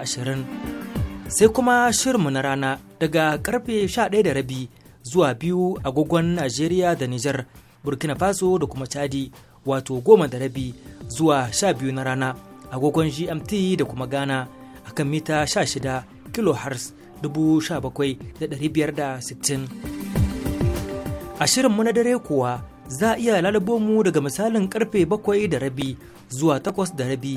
ashirin sai kuma shirmu na rana daga karfe 11:30 zuwa biyu agogon Najeriya da Nijar Burkina Faso da kuma Chadi wato goma da rabi zuwa sha biyu na rana agogon GMT da kuma Ghana akan mita 16 kilohertz 17,560 a shirinmu na dare kuwa za a iya lalabo mu daga misalin karfe 7 da rabi zuwa 8 da rabi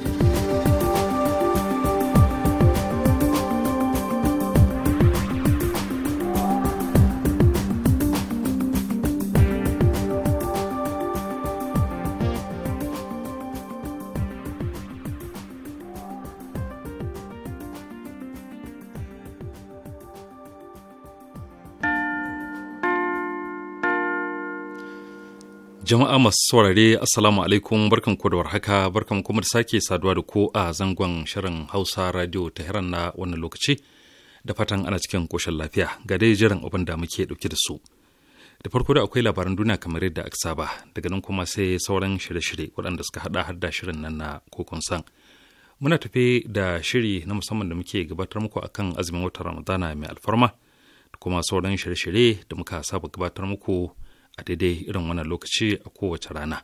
Jama'a masu saurare Assalamu alaikum barkan ku da warhaka barkan kuma da sake saduwa da ku a zangon shirin Hausa Radio Tehran na wannan lokaci da fatan ana cikin koshin lafiya ga dai jiran abin da muke dauke da su. Da farko da akwai labaran duniya kamar yadda aka saba daga nan kuma sai sauran shirye-shirye waɗanda suka haɗa har da shirin nan na kokon san. Muna tafe da shiri na musamman da muke gabatar muku akan azumin watan Ramadana mai alfarma da kuma sauran shirye-shirye da muka saba gabatar muku a daidai irin wannan lokaci a kowace rana.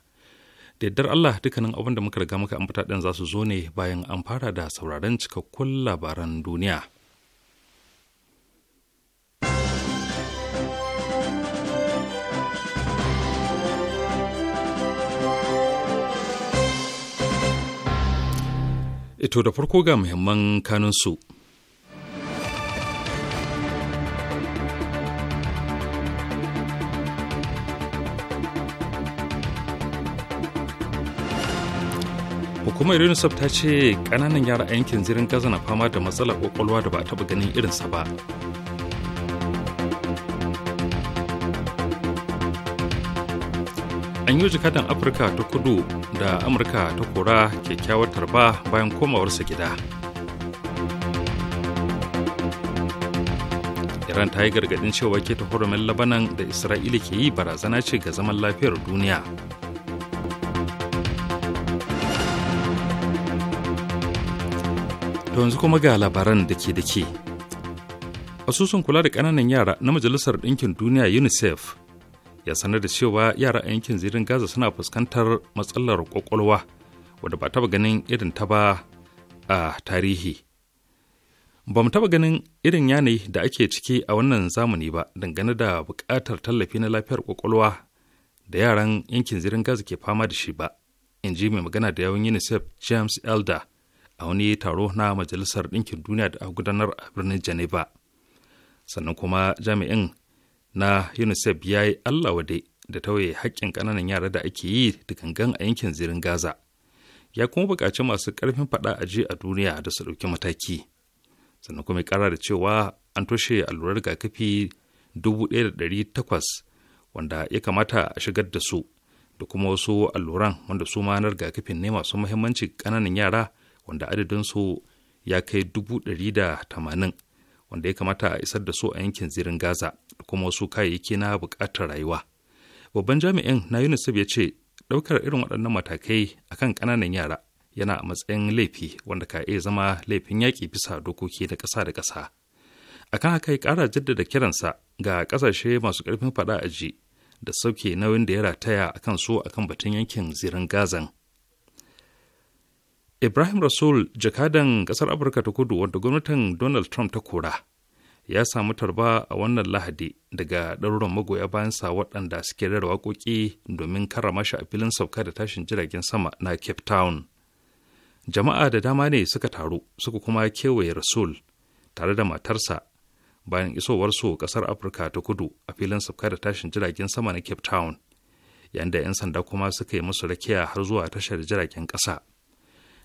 daidar Allah dukkanin abin da muka riga muka ambata ɗin za su zo ne bayan an fara da sauraron cikakkun labaran duniya. Ito da farko ga muhimman kanunsu. su. hukumar unicef ta ce ƙananan yara a yankin zirin gaza na fama da matsalar kwakwalwa da ba a taba ganin irinsa ba an yi jikatan afirka ta kudu da amurka ta kora kyakkyawar tarba bayan komawarsa gida iran ta yi gargadin cewa keta hurumin labanan da isra'ila ke yi barazana ce ga zaman lafiyar duniya To yanzu kuma ga labaran da ke da ke. Asusun kula da ƙananan yara na Majalisar Ɗinkin Duniya UNICEF ya sanar da cewa yara a yankin zirin Gaza suna fuskantar matsalar ƙwaƙwalwa wadda ba taɓa ganin irin ta ba a tarihi. Ba mu taɓa ganin irin yanayi da ake ciki a wannan zamani ba dangane da buƙatar tallafi na lafiyar ƙwaƙwalwa da yaran yankin zirin Gaza ke fama da shi ba, in ji mai magana da yawan UNICEF James Elder. a wani taro na majalisar ɗinkin duniya da a gudanar a birnin geneva sannan kuma jami'in na unicef ya yi allah wade da tauye haƙƙin ƙananan yara da ake yi da gangan a yankin zirin gaza ya kuma buƙaci masu ƙarfin faɗa a je a duniya da su ɗauki mataki sannan kuma ƙara da cewa an toshe allurar rigakafi takwas wanda ya kamata a shigar da su da kuma wasu alluran wanda su ma na rigakafin ne masu muhimmanci ƙananan yara wanda adadinsu ya kai dubu ɗari da tamanin wanda ya kamata a isar da su a yankin zirin gaza da kuma wasu kayayyaki na buƙatar rayuwa babban jami'in na unicef ya ce ɗaukar irin waɗannan matakai akan ƙananan yara yana a matsayin laifi wanda ka iya zama laifin yaƙi bisa dokoki na ƙasa da ƙasa akan haka ya ƙara jaddada kiransa ga ƙasashe masu ƙarfin faɗa a ji da sauke nauyin da ya rataya a kan su akan batun yankin zirin gazan Ibrahim Rasul jakadan ƙasar Afirka ta kudu wanda gwamnatin Donald Trump ta kora ya samu tarba a wannan lahadi daga ɗaruran magoya bayansa waɗanda suke rera waƙoƙi domin karrama shi a filin sauka da tashin jiragen sama na cape town jama'a da dama ne suka taru suka kuma kewaye rasul tare da matarsa bayan isowarsu ƙasar afirka ta kudu a filin sauka da tashin jiragen sama na cape town yayin da 'yan sanda kuma suka yi musu rakiya har zuwa tashar jiragen ƙasa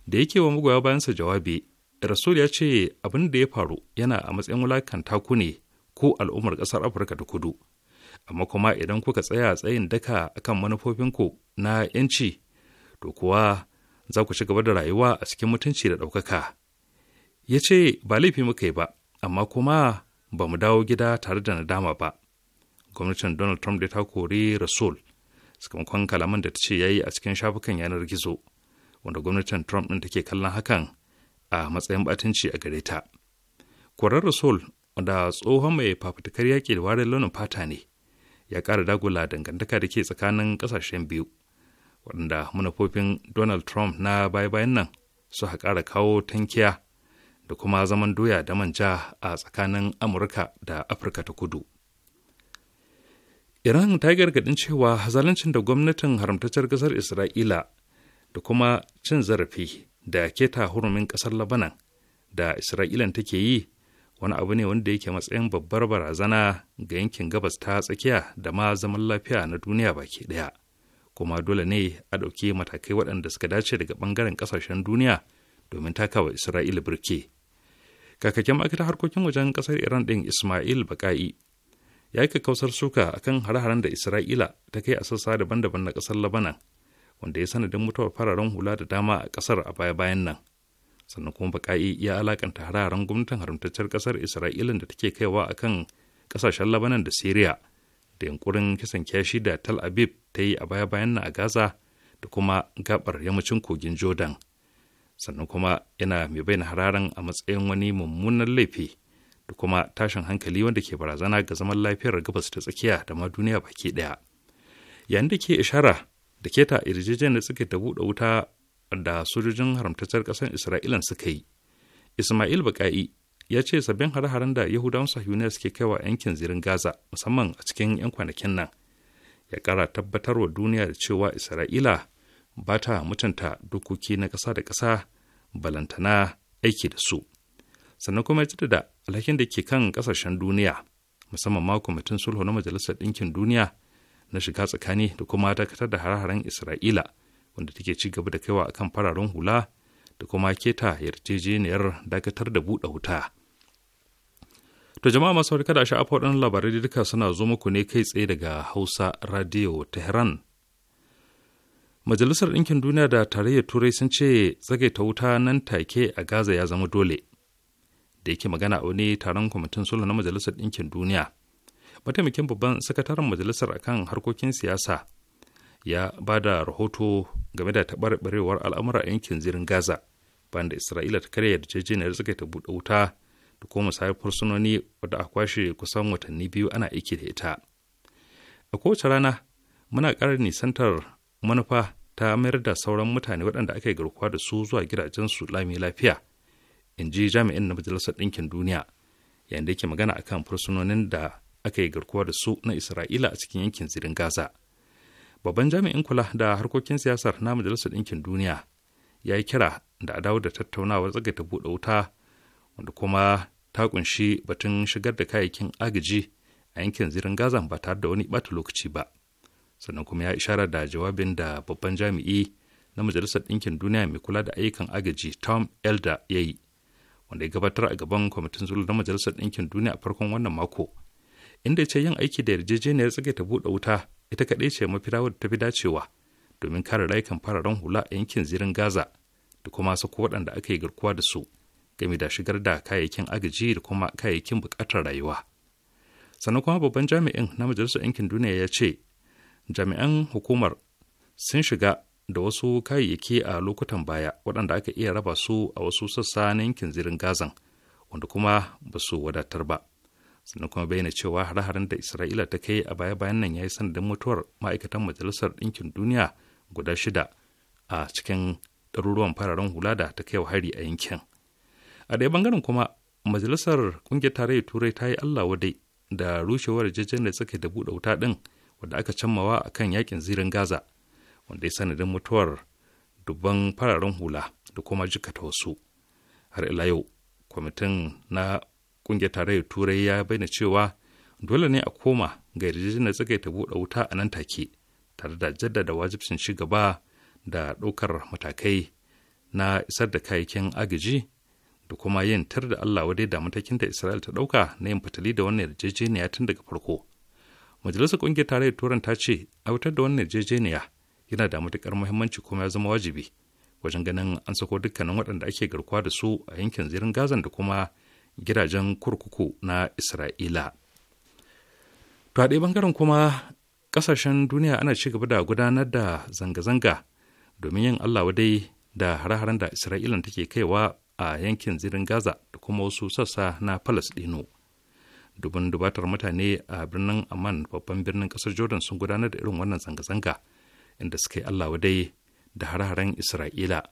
da yake wa magoya bayansa jawabi rasul ya ce abin da ya faru yana a matsayin wulakanta ku ne ko al'ummar ƙasar afirka da kudu amma kuma idan kuka tsaya tsayin daka akan manufofinku na yanci to kuwa za ku ci gaba da rayuwa a cikin mutunci da ɗaukaka ya ce ba laifi muka yi ba amma kuma ba mu dawo gida tare da nadama ba gwamnatin donald trump da ta kori rasul sakamakon kalaman da ta ce ya yi a cikin shafukan yanar gizo wanda gwamnatin Trump ɗin take kallon hakan a matsayin batunci a gare ta. Kwarar Rasul wanda tsohon mai fafutukar yaƙi da warin launin fata ne ya ƙara dagula dangantaka da ke tsakanin ƙasashen biyu waɗanda manufofin Donald Trump na baya-bayan nan su ƙara kawo tankiya da kuma zaman doya da manja a tsakanin Amurka da Afirka ta kudu. Iran ta gargaɗin cewa zaluncin da gwamnatin haramtaccen ƙasar Isra'ila da kuma cin zarafi da keta hurumin ƙasar labanan da isra'ilan take yi wani abu ne wanda yake matsayin babbar barazana ga yankin gabas ta tsakiya da ma zaman lafiya na duniya baki ɗaya kuma dole ne a ɗauki matakai waɗanda suka dace daga ɓangaren ƙasashen duniya domin takawa isra'ila birke kakakken ma'aikatar harkokin wajen ƙasar iran ɗin ismail baƙa'i ya yi kakkausar suka akan hare-haren da isra'ila ta kai a sassa daban-daban na ƙasar labanan wanda ya sanadin mutuwar fararen hula da dama a kasar a baya-bayan nan sannan kuma baka'i ya alakanta hararen gwamnatin haramtaccen kasar isra'ila da take kaiwa a kan kasashen labanan da syria da yunkurin kisan kyashi da tal aviv ta yi a baya-bayan nan a gaza da kuma gabar yammacin kogin jordan sannan kuma yana mai bayyana hararen a matsayin wani mummunan laifi da kuma tashin hankali wanda ke barazana ga zaman lafiyar gabas ta tsakiya da ma duniya baki ɗaya yayin da ke ishara da keta irjejen da suke ta buɗe wuta da sojojin haramtaccen ƙasar isra'ila suka yi ismail baka'i ya ce sabbin hare-haren da yahudawan sahiyuniya suke kaiwa yankin zirin gaza musamman a cikin 'yan kwanakin nan ya kara wa duniya da cewa isra'ila ba ta mutunta dokoki na ƙasa da ƙasa balantana aiki da su sannan kuma ya da alhakin da ke kan ƙasashen duniya musamman ma kwamitin sulhu na majalisar ɗinkin duniya na shiga tsakani da kuma dakatar da hare-haren isra'ila wanda take ci gaba da kaiwa akan fararen hula da kuma keta yarjejeniyar dakatar da buɗe wuta to jama'a masu harka da sha'afa waɗannan labarai duka suna zo muku ne kai tsaye daga hausa radio tehran majalisar ɗinkin duniya da tarayyar turai sun ce ta wuta nan take a gaza ya zama dole da yake magana a wani taron kwamitin sulhu na majalisar ɗinkin duniya mataimakin babban sakataren majalisar akan harkokin siyasa ya ba da rahoto game da taɓarɓarewar al'amura a yankin zirin gaza bayan da isra'ila ta karya yarjejeniyar suka ta buɗe wuta da kuma sayar fursunoni wadda a kwashe kusan watanni biyu ana aiki da ita a kowace rana muna ƙara nisantar manufa ta mayar da sauran mutane waɗanda aka yi garkuwa da su zuwa gidajensu lami lafiya in ji jami'in na majalisar ɗinkin duniya yayin da yake magana akan fursunonin da aka yi garkuwa da su na isra'ila a cikin yankin zirin gaza babban jami'in kula da harkokin siyasar na majalisar ɗinkin duniya ya yi kira da a dawo da tattaunawar ta buɗe wuta wanda kuma ta kunshi batun shigar da kayayyakin agaji a yankin zirin gaza ba tare da wani ɓata lokaci ba sannan kuma ya ishara da jawabin da babban jami'i na majalisar ɗinkin duniya mai kula da ayyukan agaji tom elder ya yi wanda ya gabatar a gaban kwamitin zulu na majalisar ɗinkin duniya a farkon wannan mako inda ce yin aiki da yarjejeniyar ta buɗe wuta ita kaɗai ce mafidawar wadda ta fi dacewa domin kare rayukan fararen hula a yankin zirin gaza da kuma sako waɗanda aka yi garkuwa da su game da shigar da kayayyakin agaji da kuma kayayyakin buƙatar rayuwa sannan kuma babban jami'in na majalisar yankin duniya ya ce jami'an hukumar sun shiga da wasu kayayyaki a lokutan baya waɗanda aka iya raba su a wasu sassa na yankin zirin gazan wanda kuma ba su wadatar ba sannan kuma bayyana cewa hare-haren da isra'ila ta kai a baya-bayan nan ya yi sanadin mutuwar ma'aikatan majalisar ɗinkin duniya guda shida a cikin ɗaruruwan fararen hula da ta kai wa hari a yankin a ɗaya bangaren kuma majalisar ƙungiyar tarayyar turai ta yi allah wadai da rushewar jajjen da suka da buɗe wuta ɗin wanda aka cammawa a kan yakin zirin gaza wanda ya sanadin mutuwar dubban fararen hula da kuma jikata wasu har ila yau kwamitin na kungiyar tarayyar turai ya bayyana cewa dole ne a koma ga yarjejeniyar ta buɗe wuta a nan take tare da jaddada wajibcin ci gaba da ɗaukar matakai na isar da kayayyakin agaji da kuma yin tar da Allah wadai da matakin da Isra'il ta ɗauka na yin fitali da wannan yarjejeniya tun daga farko. Majalisar Ƙungiyar Tarayyar Turan ta ce aiwatar da wannan yarjejeniya yana da matukar muhimmanci kuma ya zama wajibi wajen ganin an sako dukkanin waɗanda ake garkuwa da su a yankin zirin Gazan da kuma gidajen kurkuku na isra'ila to a ɗaya bangaren kuma ƙasashen duniya ana ci gaba da gudanar da zanga-zanga domin yin allah wadai da hare-haren da isra'ilan take kaiwa a yankin zirin gaza da kuma wasu sassa na palestino dubin dubatar mutane a birnin amman babban birnin ƙasar jordan sun gudanar da irin wannan zanga-zanga inda suka yi allah wadai da hare isra'ila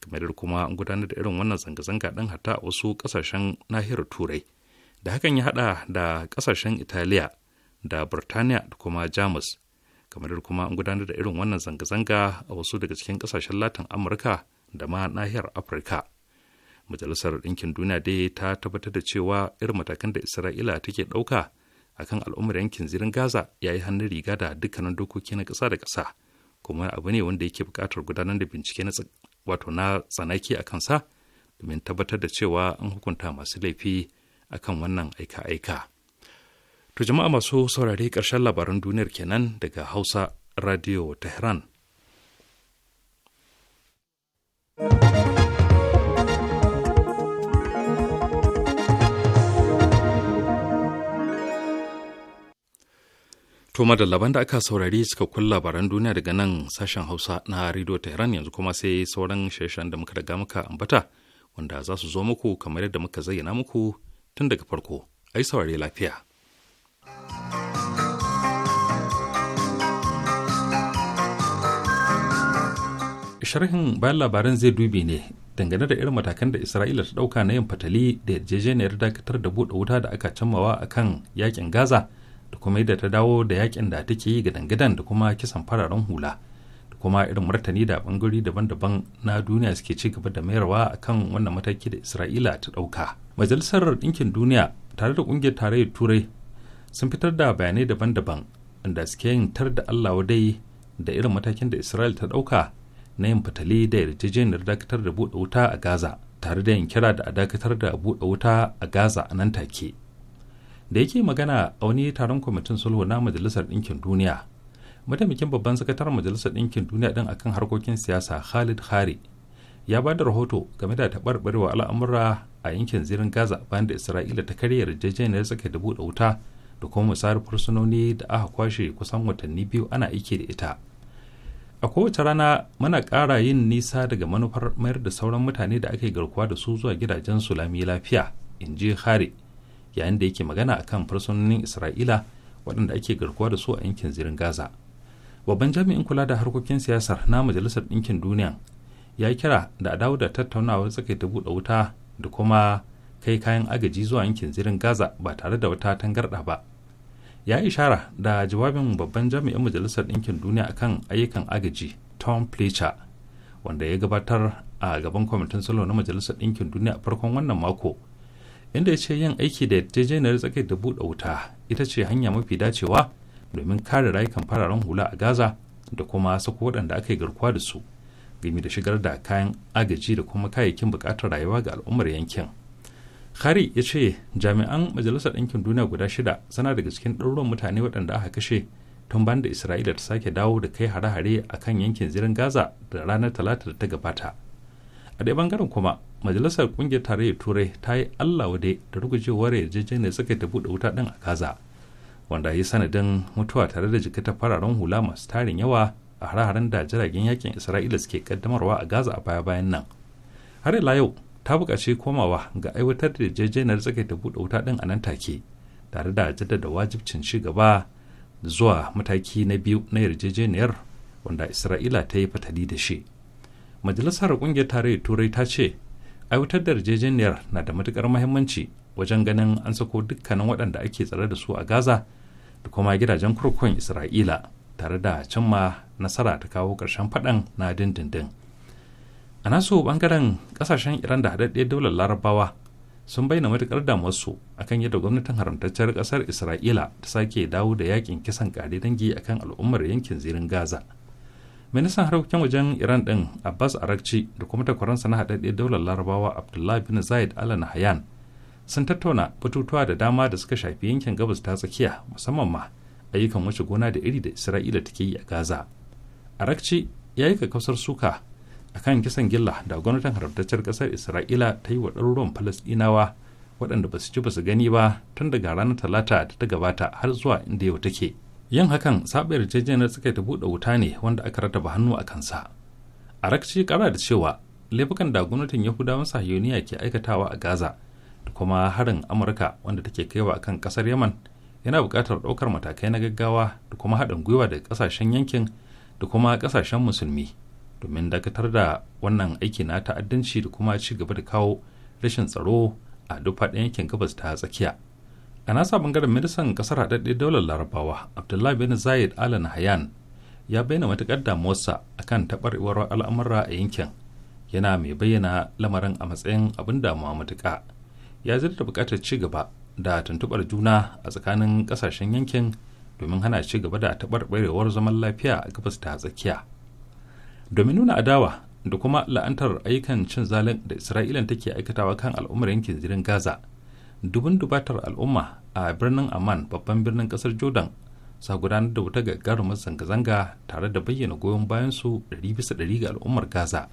kamar kuma an gudanar da irin wannan zanga-zanga ɗin hatta a wasu ƙasashen nahiyar turai da hakan ya haɗa da ƙasashen italiya da burtaniya da kuma jamus kamar kuma an gudanar da irin wannan zanga-zanga a wasu daga cikin ƙasashen latin amurka da ma nahiyar afirka majalisar ɗinkin duniya dai ta tabbatar da cewa irin matakan da isra'ila take ɗauka akan al'ummar yankin zirin gaza ya yi hannun riga da dukkanin dokoki na ƙasa da ƙasa kuma abu ne wanda yake buƙatar gudanar da bincike na wato na tsanaki a kansa domin tabbatar da cewa an hukunta masu laifi a kan wannan aika-aika. To jama'a masu saurari ƙarshen labaran duniyar kenan daga Hausa Radio Tehran. To madallaban da aka saurari suka kun labaran duniya daga nan sashen Hausa na Radio Tehran yanzu kuma sai sauran sheshen da muka riga muka ambata wanda za su zo muku kamar yadda muka zayyana muku tun daga farko. Ai saurari lafiya. Sharhin bayan labaran zai dubi ne dangane da irin matakan da Isra'ila ta ɗauka na yin fatali da yarjejeniyar dakatar da buɗe wuta da aka cammawa akan yakin Gaza. da kuma yadda ta dawo da yakin da take yi gidan-gidan da kuma kisan fararen hula da kuma irin martani da bangare daban-daban na duniya suke ci gaba da mayarwa akan wannan mataki da isra'ila ta dauka. majalisar ɗinkin duniya tare da ƙungiyar tarayyar turai sun fitar da bayanai daban-daban inda suke yin tar da allah dai da irin matakin da isra'il ta dauka na yin fitali da yarjejeniyar dakatar da buɗe wuta a gaza tare da yin kira da a dakatar da buɗe wuta a gaza a nan take da yake magana a wani taron kwamitin sulhu na majalisar ɗinkin duniya mataimakin babban sakataren majalisar ɗinkin duniya ɗin akan harkokin siyasa khalid hari ya ba da rahoto game da taɓarɓarewa al'amura a yankin zirin gaza bayan da isra'ila ta karya yarjejeniyar tsaka da buɗe wuta da kuma musayar fursunoni da aka kwashe kusan watanni biyu ana aiki da ita a kowace rana muna ƙara yin nisa daga manufar mayar da sauran mutane da ake garkuwa da su zuwa gidajen su lami lafiya in ji hari yayin da yake magana akan fursunonin isra'ila waɗanda ake garkuwa da su a yankin zirin gaza babban jami'in kula da harkokin siyasar na majalisar ɗinkin duniya ya kira da a dawo da tattaunawar tsakaita buɗe wuta da kuma kai kayan agaji zuwa yankin zirin gaza ba tare da wata tangarɗa ba ya ishara da jawabin babban jami'in majalisar ɗinkin duniya akan ayyukan agaji tom fletcher wanda ya gabatar a gaban kwamitin salo na majalisar ɗinkin duniya a farkon wannan mako inda ya ce yin aiki da yarjejeniyar tsakai da buɗe wuta ita ce hanya mafi dacewa domin kare rayukan fararen hula a gaza da kuma sako waɗanda aka yi garkuwa da su game da shigar da kayan agaji da kuma kayayyakin buƙatar rayuwa ga al'ummar yankin khari ya ce jami'an majalisar ɗinkin duniya guda shida suna daga cikin ɗaruruwan mutane waɗanda aka kashe tun ban da isra'ila ta sake dawo da kai hare-hare a kan yankin zirin gaza da ranar talata da ta gabata a ɗaya bangaren kuma majalisar kungiyar tarayyar turai ta yi allah wade da rugujewar yarjejeniyar tafi buɗe wuta ɗin a gaza wanda ya sanadin mutuwa tare da jikita fararen hula masu tarin yawa a hare-haren da jiragen yakin isra'ila suke kaddamarwa a gaza a baya-bayan nan har ila yau ta buƙaci komawa ga aiwatar da yarjejeniyar tafi buɗe wuta ɗin a nan take tare da jaddada wajibcin ci gaba zuwa mataki na biyu na yarjejeniyar wanda isra'ila ta yi fatali da shi majalisar kungiyar tarayyar turai ta ce aiwatar da yarjejeniyar na da matukar mahimmanci wajen ganin an sako dukkanin waɗanda ake tsare da su a gaza da kuma gidajen kurkukun isra'ila tare da cimma nasara ta kawo ƙarshen faɗan na dindindin a nasu ɓangaren ƙasashen iran da haɗaɗɗiyar daular larabawa sun bayyana matukar damuwarsu akan yadda gwamnatin haramtacciyar ƙasar isra'ila ta sake dawo da yakin kisan ƙare dangi akan al'ummar yankin zirin gaza ministan harkokin wajen iran din abbas arakci da kuma takwaransa na haɗaɗɗiyar daular larabawa abdullahi bin zayed al nahyan sun tattauna batutuwa da dama da suka shafi yankin gabas ta tsakiya musamman ma ayyukan wuce gona da iri da isra'ila take yi a gaza arakci ya yi kakkausar suka a kan kisan gilla da gwamnatin haramtaccen ƙasar isra'ila ta yi wa ɗaruruwan falasɗinawa waɗanda ba su ci ba su gani ba tun daga ranar talata da ta gabata har zuwa inda yau take yin hakan saɓa yarjejeniyar suka ta buɗe wuta ne wanda aka rataba hannu a kansa a rakci kara da cewa laifukan da gwamnatin yahudawan sahiyoniya ke aikatawa a gaza da kuma harin amurka wanda take kaiwa kan kasar yaman yana buƙatar ɗaukar matakai na gaggawa da kuma haɗin gwiwa daga ƙasashen yankin da kuma ƙasashen musulmi domin dakatar da wannan aiki na ta'addanci da kuma ci gaba da kawo rashin tsaro a duk faɗin yankin gabas ta tsakiya a nasa bangaren ministan kasar haɗaɗɗe daular larabawa abdullahi bin zayed al hayan ya bayyana matuƙar damuwarsa akan taɓarɓarewar al'amura a yankin yana mai bayyana lamarin a matsayin abin damuwa matuƙa ya zarta buƙatar ci gaba da tuntuɓar juna a tsakanin ƙasashen yankin domin hana ci gaba da taɓarɓarewar zaman lafiya a gabas ta tsakiya domin nuna adawa da kuma la'antar ayyukan cin zalin da isra'ilan take aikatawa kan al'ummar yankin zirin gaza dubin dubatar al'umma a birnin amman babban birnin kasar jordan sa gudanar da wata gagarumar zanga-zanga tare da bayyana goyon bayan su 100% ga al'ummar gaza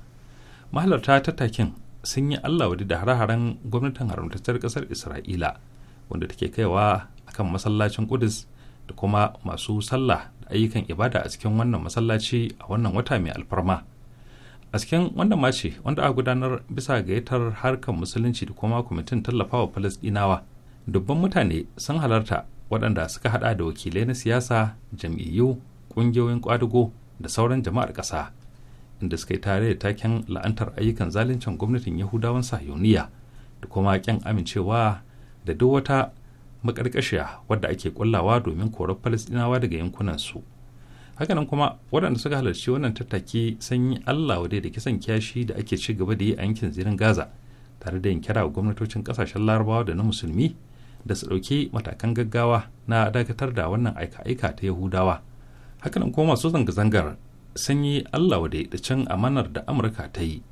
mahalarta ta takin sun yi allah wadi da hare-haren gwamnatin haramtattar kasar isra'ila wanda take kaiwa akan masallacin kudus da kuma masu sallah da ayyukan ibada a cikin wannan masallaci a wannan wata mai alfarma a cikin wanda mace wanda a gudanar bisa gayyatar harkar musulunci da kuma kwamitin tallafawa falasdinawa dubban mutane sun halarta waɗanda suka hada da wakilai na siyasa jam'iyyu ƙungiyoyin ƙwadago da sauran jama'ar ƙasa inda suka yi tare da taken la'antar ayyukan zaluncin gwamnatin yahudawan sahiyoniya da kuma ƙyan amincewa da duk wata maƙarƙashiya wadda ake ƙullawa domin korar falasɗinawa daga yankunansu. su hakanan kuma waɗanda suka halarci wannan tattaki sun yi allah wadai da kisan kyashi da ake ci gaba da yi a yankin zirin gaza tare da yin kira wa gwamnatocin ƙasashen larabawa da na musulmi da su ɗauki matakan gaggawa na dakatar da wannan aika-aika ta yahudawa hakanan kuma masu zanga-zangar sun yi allah wadai da cin amanar da amurka ta yi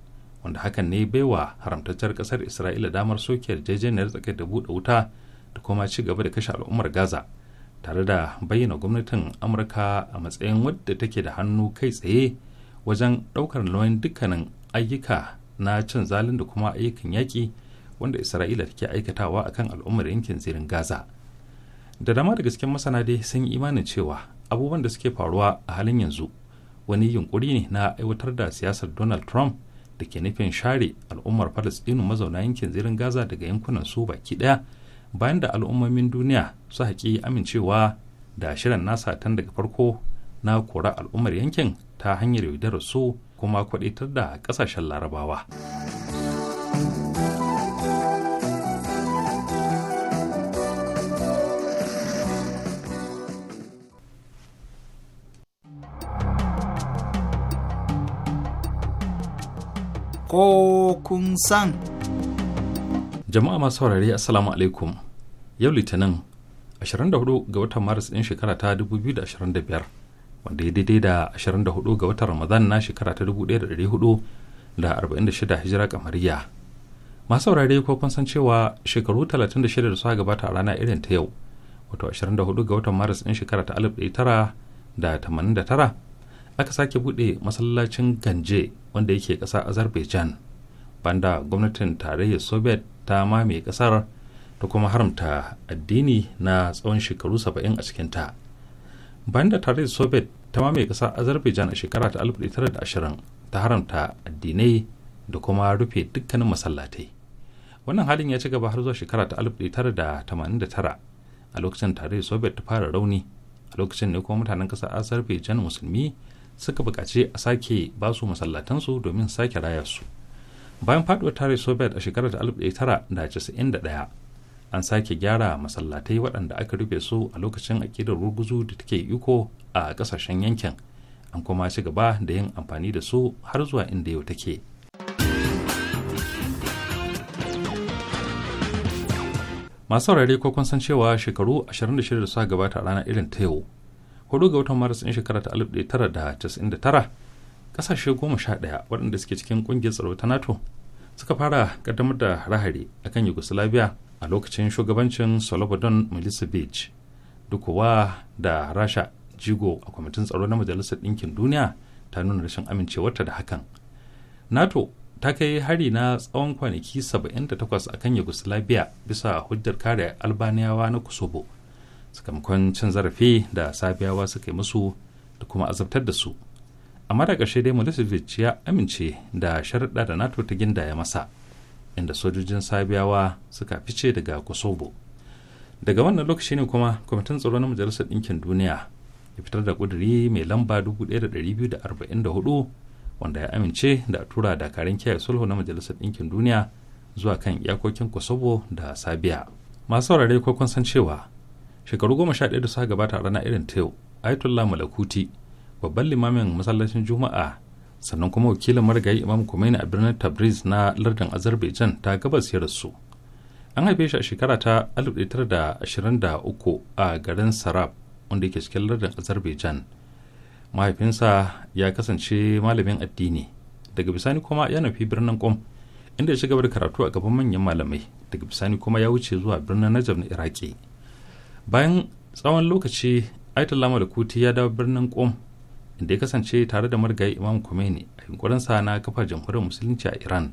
wanda hakan ne baiwa haramtacciyar kasar isra'ila damar soke yarjejeniyar tsakiyar da buɗe wuta da kuma ci gaba da kashe al'ummar gaza tare da bayyana gwamnatin amurka a matsayin wadda take da hannu kai tsaye wajen ɗaukar nauyin dukkanin ayyuka na cin zalin da kuma ayyukan yaƙi wanda isra'ila take aikatawa a kan al'ummar yankin zirin gaza da dama da gasken masana dai sun yi imanin cewa abubuwan da suke faruwa a halin yanzu wani yunkuri ne na aiwatar da siyasar donald trump da ke nufin share al'ummar palestinu mazauna yankin zirin gaza daga yankunan su baki ɗaya bayan da al'ummomin duniya su haƙi amincewa da shirin nasa tun daga farko na kora al'ummar yankin ta hanyar yaudarar su kuma kwaɗitar da ƙasashen larabawa. Ko kun san. Jama'a masu saurari Assalamu alaikum. yau litinin 24 ga watan maris ɗin shekara ta 2025 wanda ya daidai da 24 ga watan ramadan na shekara ta 1446 hijira kamariya masu saurare ko kun san cewa shekaru 36 da suka gabata a rana irin ta yau wato 24 ga watan maris ɗin shekara ta 1989 aka sake buɗe masallacin ganje wanda yake ƙasa azerbaijan banda gwamnatin tarayyar soviet ta mamaye ƙasar da kuma haramta addini na tsawon shekaru 70 a cikinta bayan da tarayyar soviet ta mamaye ƙasar azerbaijan a shekara ta 1920 ta haramta addinai da kuma rufe dukkanin masallatai wannan halin ya ci gaba har zuwa shekara ta 1989 a lokacin tarayyar soviet ta fara rauni a lokacin ne kuma mutanen ƙasar azerbaijan musulmi suka buƙaci a sake basu masallatansu domin sake raya su bayan faɗuwar tare soviet a shekarar 1991 an sake gyara masallatai waɗanda aka rufe su a lokacin akidar ruguzu da take iko a ƙasashen yankin an kuma ci gaba da yin amfani da su har zuwa inda yau take masu saurare ko kun san cewa shekaru 26 da suka gabata a ranar irin ta yau hudu ga watan maris ɗin shekara ta 1999 ƙasashe goma sha ɗaya waɗanda suke cikin ƙungiyar tsaro ta nato suka fara ƙaddamar da rahari akan yugoslavia a lokacin shugabancin solobodon milicevic dukowa da rasha jigo a kwamitin tsaro na majalisar ɗinkin duniya ta nuna rashin amincewarta da hakan nato ta kai hari na tsawon kwanaki 78 a kan yugoslavia bisa hujjar kare albaniyawa na kosovo sakamakon cin zarafi da sabiyawa suka yi musu da kuma azabtar da su amma da ƙarshe dai milicevic ya amince da sharaɗa da nato ta gindaya masa inda sojojin sabiyawa suka fice daga kosovo daga wannan lokaci ne kuma kwamitin tsaro na majalisar ɗinkin duniya ya fitar da ƙuduri mai lamba 1244 wanda ya amince da a tura dakarun kiyaye sulhu na majalisar ɗinkin duniya zuwa kan iyakokin kosovo da sabiya masu saurare ko kun san cewa shekaru goma sha ɗaya da suka gabata a rana irin ta yau ayatollah malakuti babban limamin masallacin juma'a sannan kuma wakilin marigayi imam Khomeini a birnin tabriz na lardin azerbaijan ta gabas ya rasu an haife shi a shekara ta 1923 a garin sarab wanda ke cikin lardin azerbaijan mahaifinsa ya kasance malamin addini daga bisani kuma ya nufi birnin kom inda ya ci gaba da karatu a gaban manyan malamai daga bisani kuma ya wuce zuwa birnin najaf na iraki bayan tsawon lokaci aitul kuti ya dawo birnin kom inda ya kasance tare da marigayi imam Khomeini a yunkurinsa na kafa jamhuriyar musulunci a iran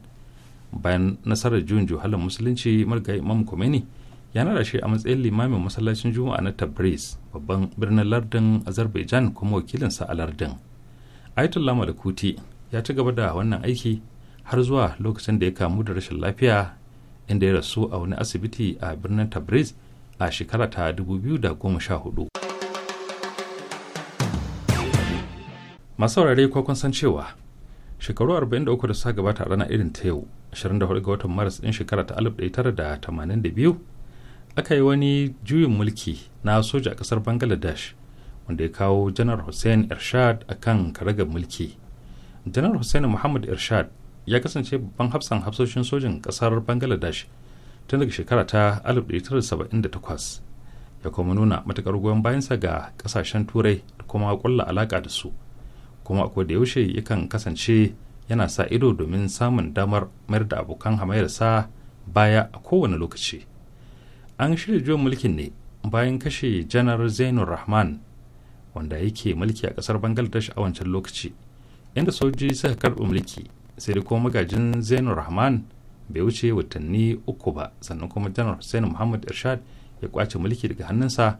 bayan nasarar juyin juhalin musulunci marigayi imam Khomeini ya nada shi a matsayin limamin masallacin juma'a na tabriz babban birnin lardin azerbaijan kuma wakilinsa a lardin ayatollah malakuti ya ci gaba da wannan aiki har zuwa lokacin da ya kamu da rashin lafiya inda ya rasu a wani asibiti a birnin tabriz a shekara ta 2014 masu saurare ko kun san cewa shekaru 43 da suka gabata a ranar irin ta yau 24 ga watan maris din shekara ta 1982 aka yi wani juyin mulki na soja a kasar bangladesh wanda ya kawo janar hussein irshad a kan karagar mulki janar hussein muhammad irshad ya kasance babban hafsan hafsoshin sojin kasar bangladesh tun daga shekara ta 1978 ya kuma nuna matukar goyon bayansa ga kasashen turai da kuma kulla alaka da su kuma ko da yaushe yakan kasance yana sa ido domin samun damar mayar da abokan hamayarsa baya a kowane lokaci an shirya juyin mulkin ne bayan kashe janar zainul rahman wanda yake mulki a kasar bangladesh a wancan lokaci inda soji suka karɓi mulki sai dai kuma magajin zainul rahman bai wuce watanni uku ba sannan kuma janar hussein muhammad irshad ya kwace mulki daga hannunsa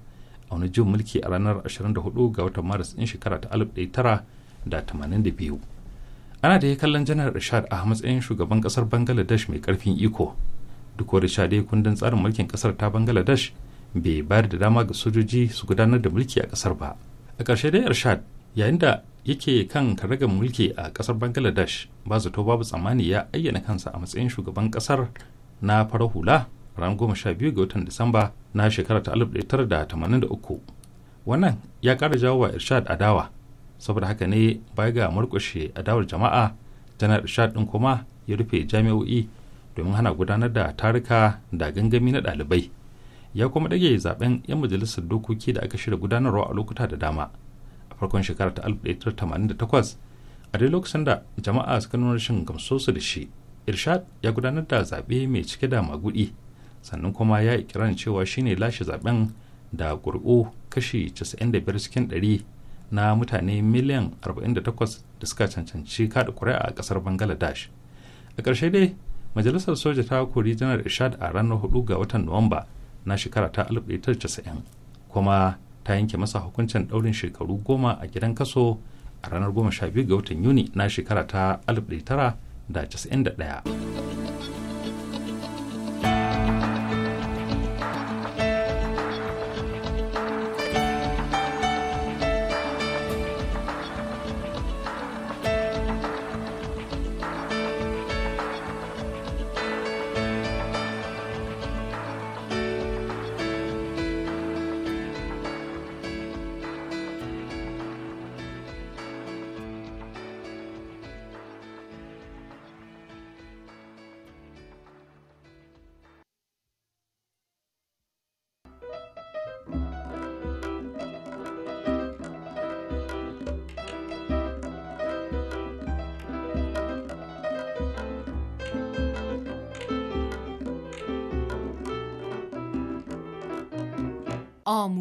a wani jin mulki a ranar 24 ga watan maris din shekara ta 1900 da 82 ana da ya kallon janar rashad a matsayin shugaban kasar bangladesh mai karfin iko duk wani sha kundin tsarin mulkin kasar ta bangladesh bai bayar da dama ga sojoji su gudanar da mulki a kasar ba a ƙarshe dai rashad yayin da yake kan karagar mulki a kasar bangladesh ba zato babu tsammani ya ayyana kansa a matsayin shugaban kasar na farar hula ran goma sha biyu ga watan disamba na shekarar ta 1983 wannan ya ƙara jawo wa irshad adawa saboda haka ne baya ga murkushe adawar jama'a janar rashad ɗin kuma ya rufe jami'o'i domin hana gudanar da tarika da gangami na ɗalibai ya kuma ɗage zaben 'yan majalisar dokoki da aka shirya gudanarwa a lokuta da dama a farkon shekarar ta 1988 a dai lokacin da jama'a suka nuna rashin gamsosu da shi irshad ya gudanar da zaɓe mai cike da magudi sannan kuma ya kiran cewa shine lashe zaben da ƙuri'u kashi 95 cikin na mutane miliyan 48 da suka cancanci kada kuri'a a kasar bangladesh a ƙarshe dai majalisar soja ta kori janar ishad a ranar 4 ga watan nuwamba na shekara ta 1990 kuma ta yanke masa hukuncin ɗaurin shekaru goma a gidan kaso a ranar 12 ga watan yuni na shekara ta 1991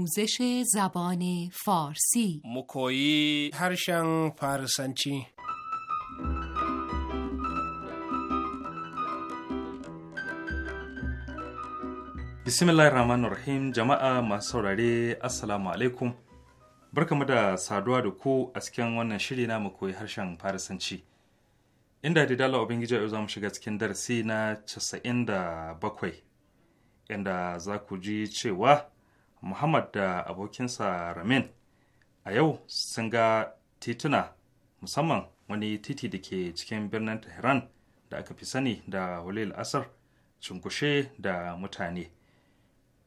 آموزش زبان فارسی مکویی هرشنگ فارسنچی bismillahir rahmanir rahim jama'a masu saurare assalamu alaikum barkamu da saduwa da ku a cikin wannan shiri na mu koyi harshen farisanci inda da dala ubangiji yau za mu shiga cikin darasi na 97 inda za ku ji cewa muhammad da abokinsa ramin a yau sun ga tituna musamman wani titi da ke cikin birnin tehran da aka fi sani da walil asar cunkushe da mutane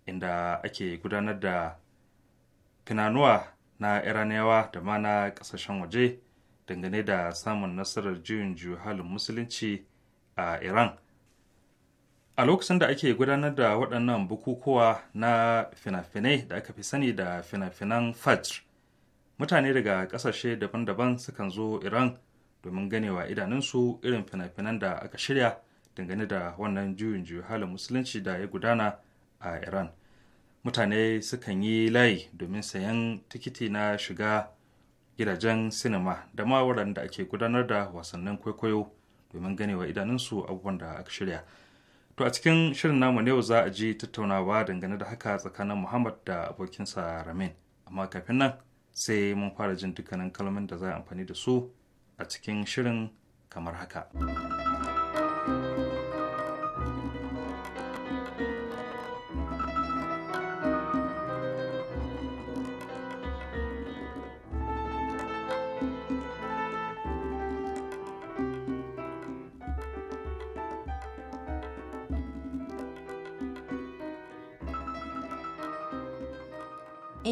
inda ake gudanar da finanuwa na iraniyawa da ma na kasashen waje dangane da samun nasarar juyin juhalin musulunci a iran a lokacin da ake gudanar da waɗannan bukukuwa na fina-finai da aka fi sani da fina-finan fajr mutane daga ƙasashe daban-daban sukan zo iran domin ganewa idanunsu irin fina-finan da aka shirya dangane da wannan juyin juyin halin musulunci da ya gudana a iran mutane sukan yi layi domin sayan tikiti na shiga gidajen sinima da ma waɗanda ake gudanar da wasannin kwaikwayo domin ganewa idanunsu abubuwan da aka shirya To a cikin shirin namu yau za a ji tattaunawa dangane da haka tsakanin Muhammad da abokinsa Ramin. Amma kafin nan sai mun fara jin dukkanin kalmomin da za a amfani da su a cikin shirin kamar haka.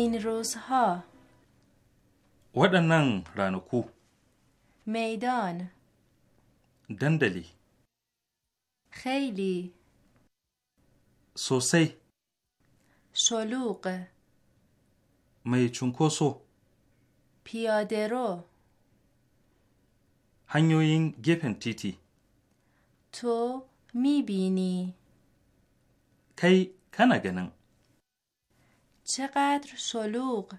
این روزها waɗannan ranaku maidan Dandali. خیلی Sosai. شلوغ mai cunkoso پیاده hanyoyin gefen titi تو میبینی kai kana ganin چقدر شلوغ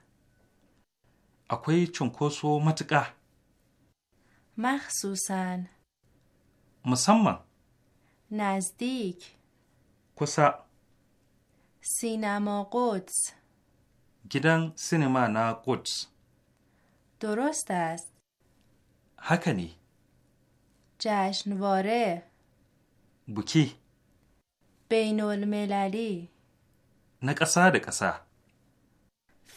akwai cunkoso matuƙa مخصوصاً musamman نزدیک kusa سینما قدس gidan sinima na قدس درست است haka ne جشنواره buki بین المللی na ƙasa da ƙasa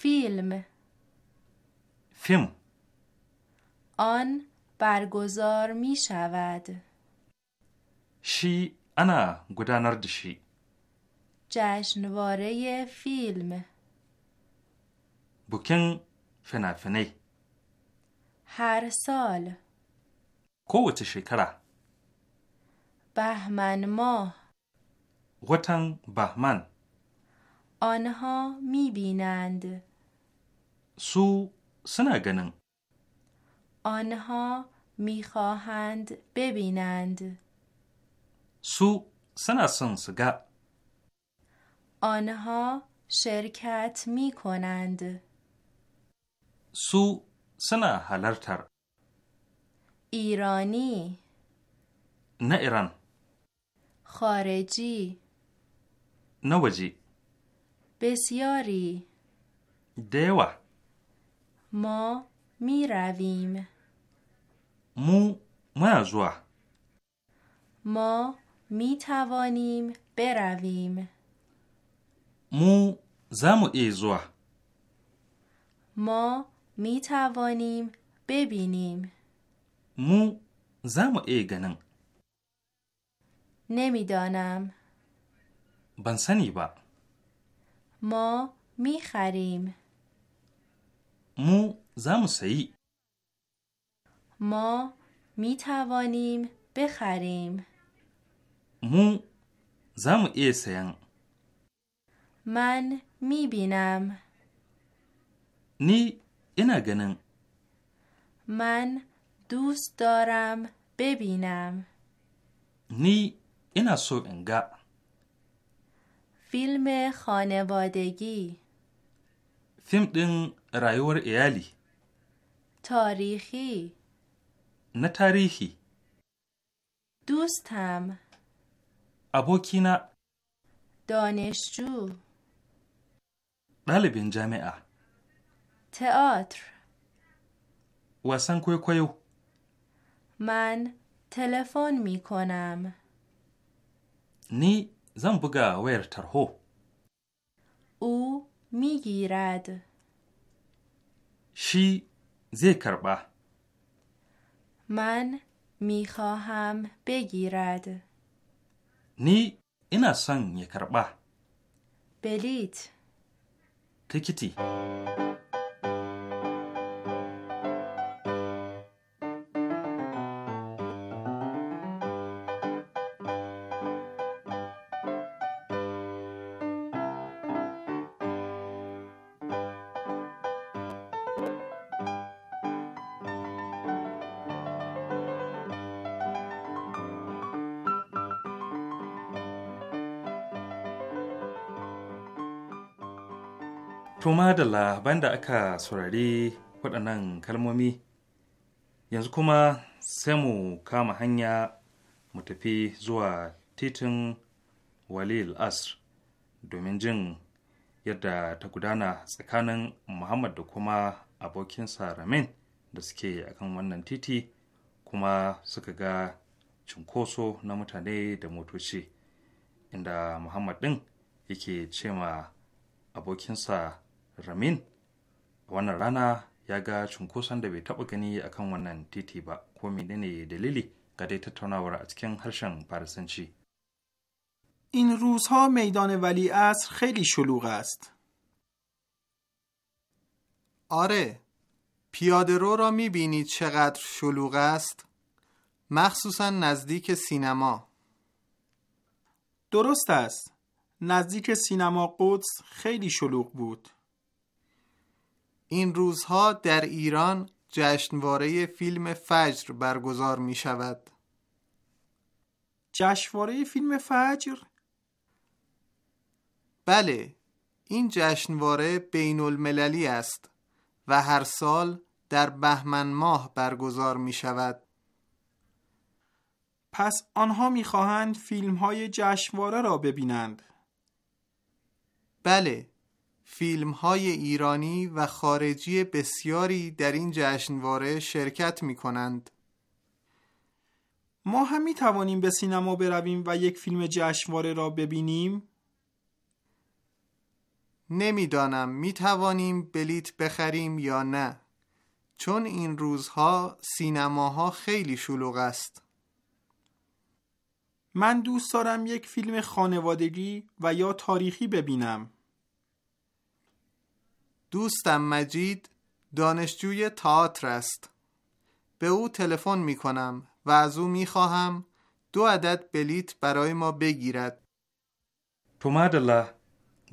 فیلم فیلم آن برگزار می شود شی انا گدانر دشی جشنواره فیلم بوکن فنافنی هر سال کووچه شکرا بهمن ماه وطن بهمن آنها می بینند سو سنا گنن آنها میخواهند ببینند سو سنا سنسگا آنها شرکت میکنند. سو سنا هلرتر ایرانی نه ایران خارجی نوجی بسیاری دیوه ما می رویم مو مزوه ما می توانیم برویم مو زمو ایزوه ما می توانیم ببینیم مو زمو ایگنن نمیدانم بنسنی با ما می خریم مو زم سعی ما می توانیم بخریم مو زم ای سیان من می بینم نی اینا گنن من دوست دارم ببینم نی اینا سو انگا فیلم خانوادگی فیلم دن رایور ایالی تاریخی نه تاریخی دوستم ابوکینا دانشجو بین جامعه تئاتر wasan kwaikwayo من تلفن می کنم نی زن بگا ویر ترهو او میگیرد شی زی کربه من میخواهم بگیرد نی اینا سن یه کربه بلیت تکیتی To madalla da aka saurari waɗannan kalmomi yanzu kuma sai mu kama hanya mu tafi zuwa titin Walil Asr domin jin yadda ta gudana tsakanin Muhammad da kuma abokinsa Ramin da suke akan wannan titi kuma suka ga cunkoso na mutane da motoci inda Muhammad ɗin yake ce ma abokinsa ramin wannan rana ya ga cunkoson da bai taba gani akan wannan titi ba ko menene dalili ga dai tattaunawar a cikin harshen farisanci این روزها میدان ولی اصر خیلی شلوغ است. آره پیاده رو را میبینید چقدر شلوغ است؟ مخصوصا نزدیک سینما درست است نزدیک سینما قدس خیلی شلوغ بود این روزها در ایران جشنواره فیلم فجر برگزار می شود. جشنواره فیلم فجر؟ بله، این جشنواره بین المللی است و هر سال در بهمن ماه برگزار می شود. پس آنها می خواهند فیلم های جشنواره را ببینند. بله، فیلم های ایرانی و خارجی بسیاری در این جشنواره شرکت می کنند. ما هم می توانیم به سینما برویم و یک فیلم جشنواره را ببینیم؟ نمیدانم می توانیم بلیت بخریم یا نه چون این روزها سینماها خیلی شلوغ است. من دوست دارم یک فیلم خانوادگی و یا تاریخی ببینم. دوستم مجید دانشجوی تئاتر است به او تلفن می کنم و از او می خواهم دو عدد بلیت برای ما بگیرد تو مادلا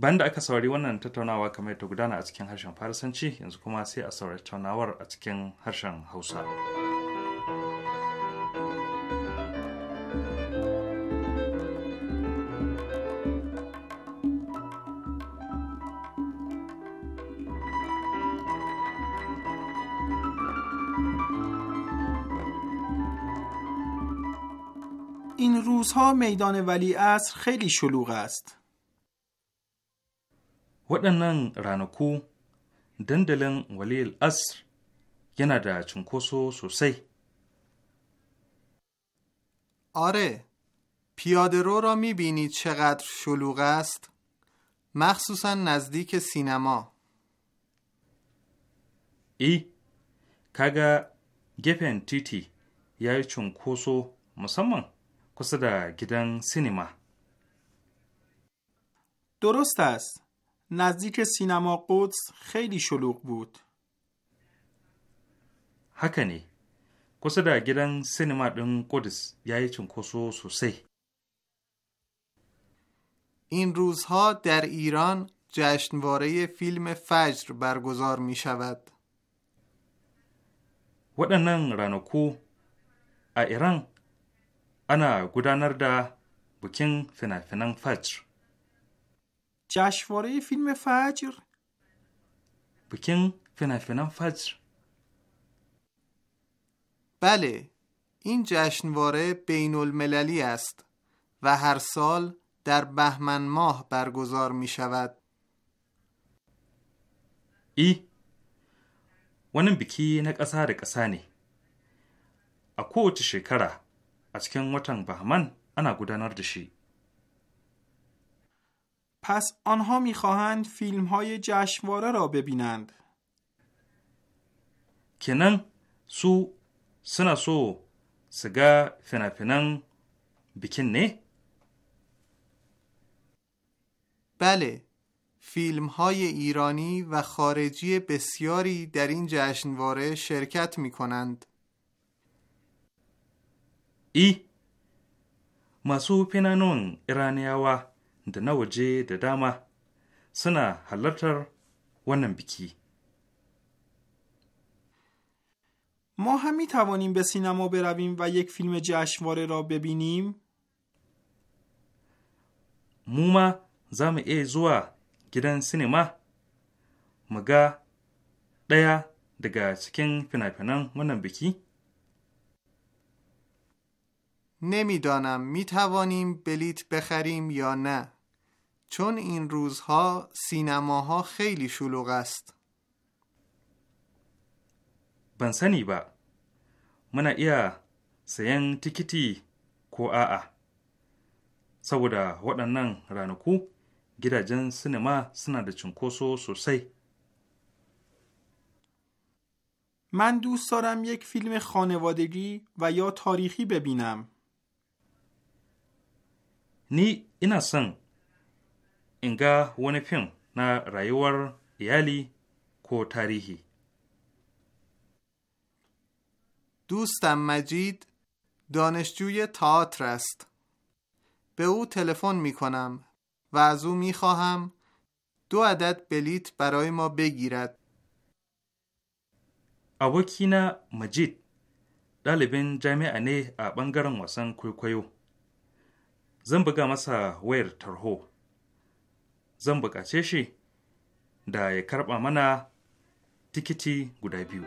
banda aka saurari wannan tattaunawa kamar ta gudana a cikin harshen farisanci yanzu kuma sai a saurari tattaunawar a cikin harshen hausa. میدان ولی اصر خیلی شلوغ است. waɗannan رانکو دندلن ولی آره پیاده رو را میبینید چقدر شلوغ است مخصوصا نزدیک سینما ای کگا گپن تیتی یا چونکوسو مسمم kusa da gidan درست است. نزدیک سینما قدس خیلی شلوغ بود. هکنی کسی در گیدن سینما دن قدس یایی چون کسو سوسی. این روزها در ایران جشنواره فیلم فجر برگزار می شود. ودنن رانو کو ایران انا گودانر دا بوکین فنافنان فجر جشنواره فیلم فجر بوکین فنافنان فجر بله این جشنواره بین المللی است و هر سال در بهمن ماه برگزار می شود ای ونم biki na ƙasa da ƙasa ne a cikin watan Bahman ana gudanar پس آنها میخواهند فیلم های جشنواره را ببینند. کنن سو سنا سگا فنافنن بیکن نه؟ بله، فیلم های ایرانی و خارجی بسیاری در این جشنواره شرکت می کنند. i masu finanon iraniyawa da na waje da dama suna halartar wannan biki ما هم می توانیم به سینما برویم و یک فیلم جشنواره را ببینیم؟ موما زم ای زوا گیدن سینما مگا دیا دگا چکن فنای ونن بکی؟ نمیدانم می توانیم بلیت بخریم یا نه چون این روزها سینماها خیلی شلوغ است. با من ایا سین تیکیتی کو آ آ a'a, ودنن رانکو گیرا سینما سینما سنا da cunkoso من دوست دارم یک فیلم خانوادگی و یا تاریخی ببینم. نی اینا سن ga wani fim نا رایوار iyali کو تاریحی. دوستم مجید دانشجوی تئاتر است به او تلفن می کنم و از او می خواهم دو عدد بلیت برای ما بگیرد abokina مجید دالبین جامعه نه a واسن کوی کویو. zan buga masa wayar tarho zan buƙace shi da ya karɓa mana tikiti guda biyu.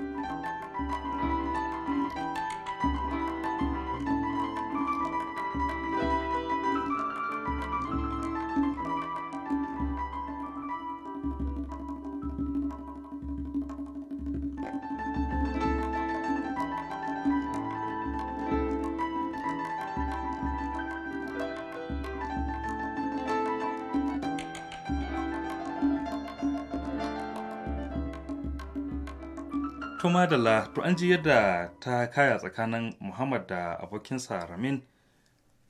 To da to an ji yadda ta kaya tsakanin Muhammad da abokinsa Ramin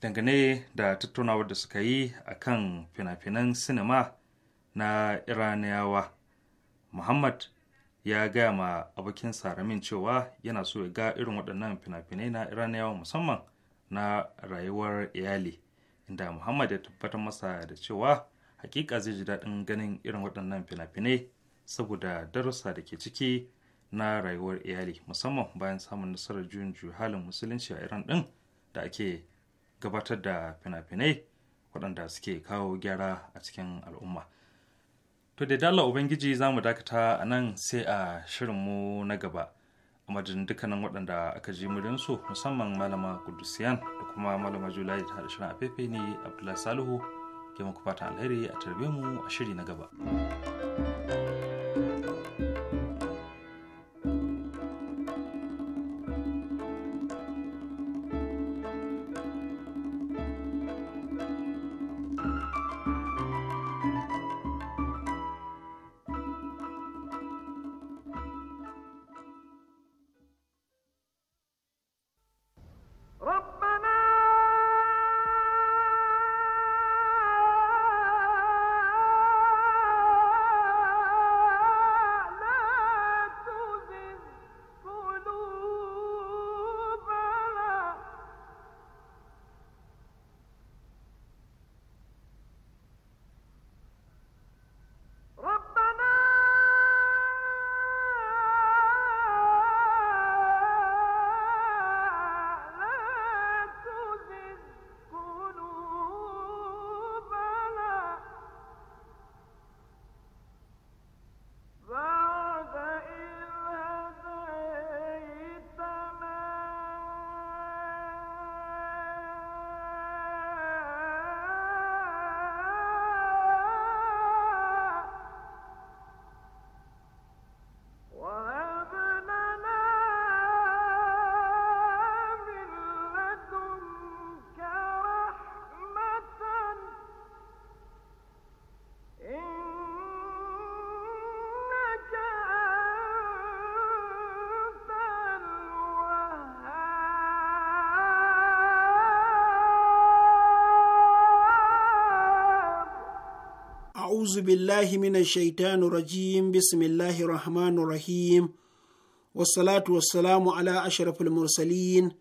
dangane da tattaunawar da suka yi a kan fina-finan sinima na Iraniyawa. Muhammad ya gaya ma abokinsa Ramin cewa yana so ya ga irin waɗannan fina-finai na Iraniyawa musamman na rayuwar iyali, inda Muhammad ya tabbatar masa da cewa hakika zai ji daɗin ganin irin waɗannan fina-finai saboda darussa da ke ciki. na rayuwar iyali musamman bayan samun nasarar juyin halin musulunci a iran din da ake gabatar da fina-finai waɗanda suke kawo gyara a cikin al'umma to da dala ubangiji za mu dakata a nan sai a shirin mu na gaba a madadin dukkanin waɗanda aka ji su musamman malama kudusiyan da kuma malama julai ta shirin shirin afefe ne abdullahi salihu ke muku fatan alheri a tarbe mu a shiri na gaba. a'uzu mina minash shaitani rajim bismillahi rahmani rahim wassalatu wassalamu ala ashrafil mursalin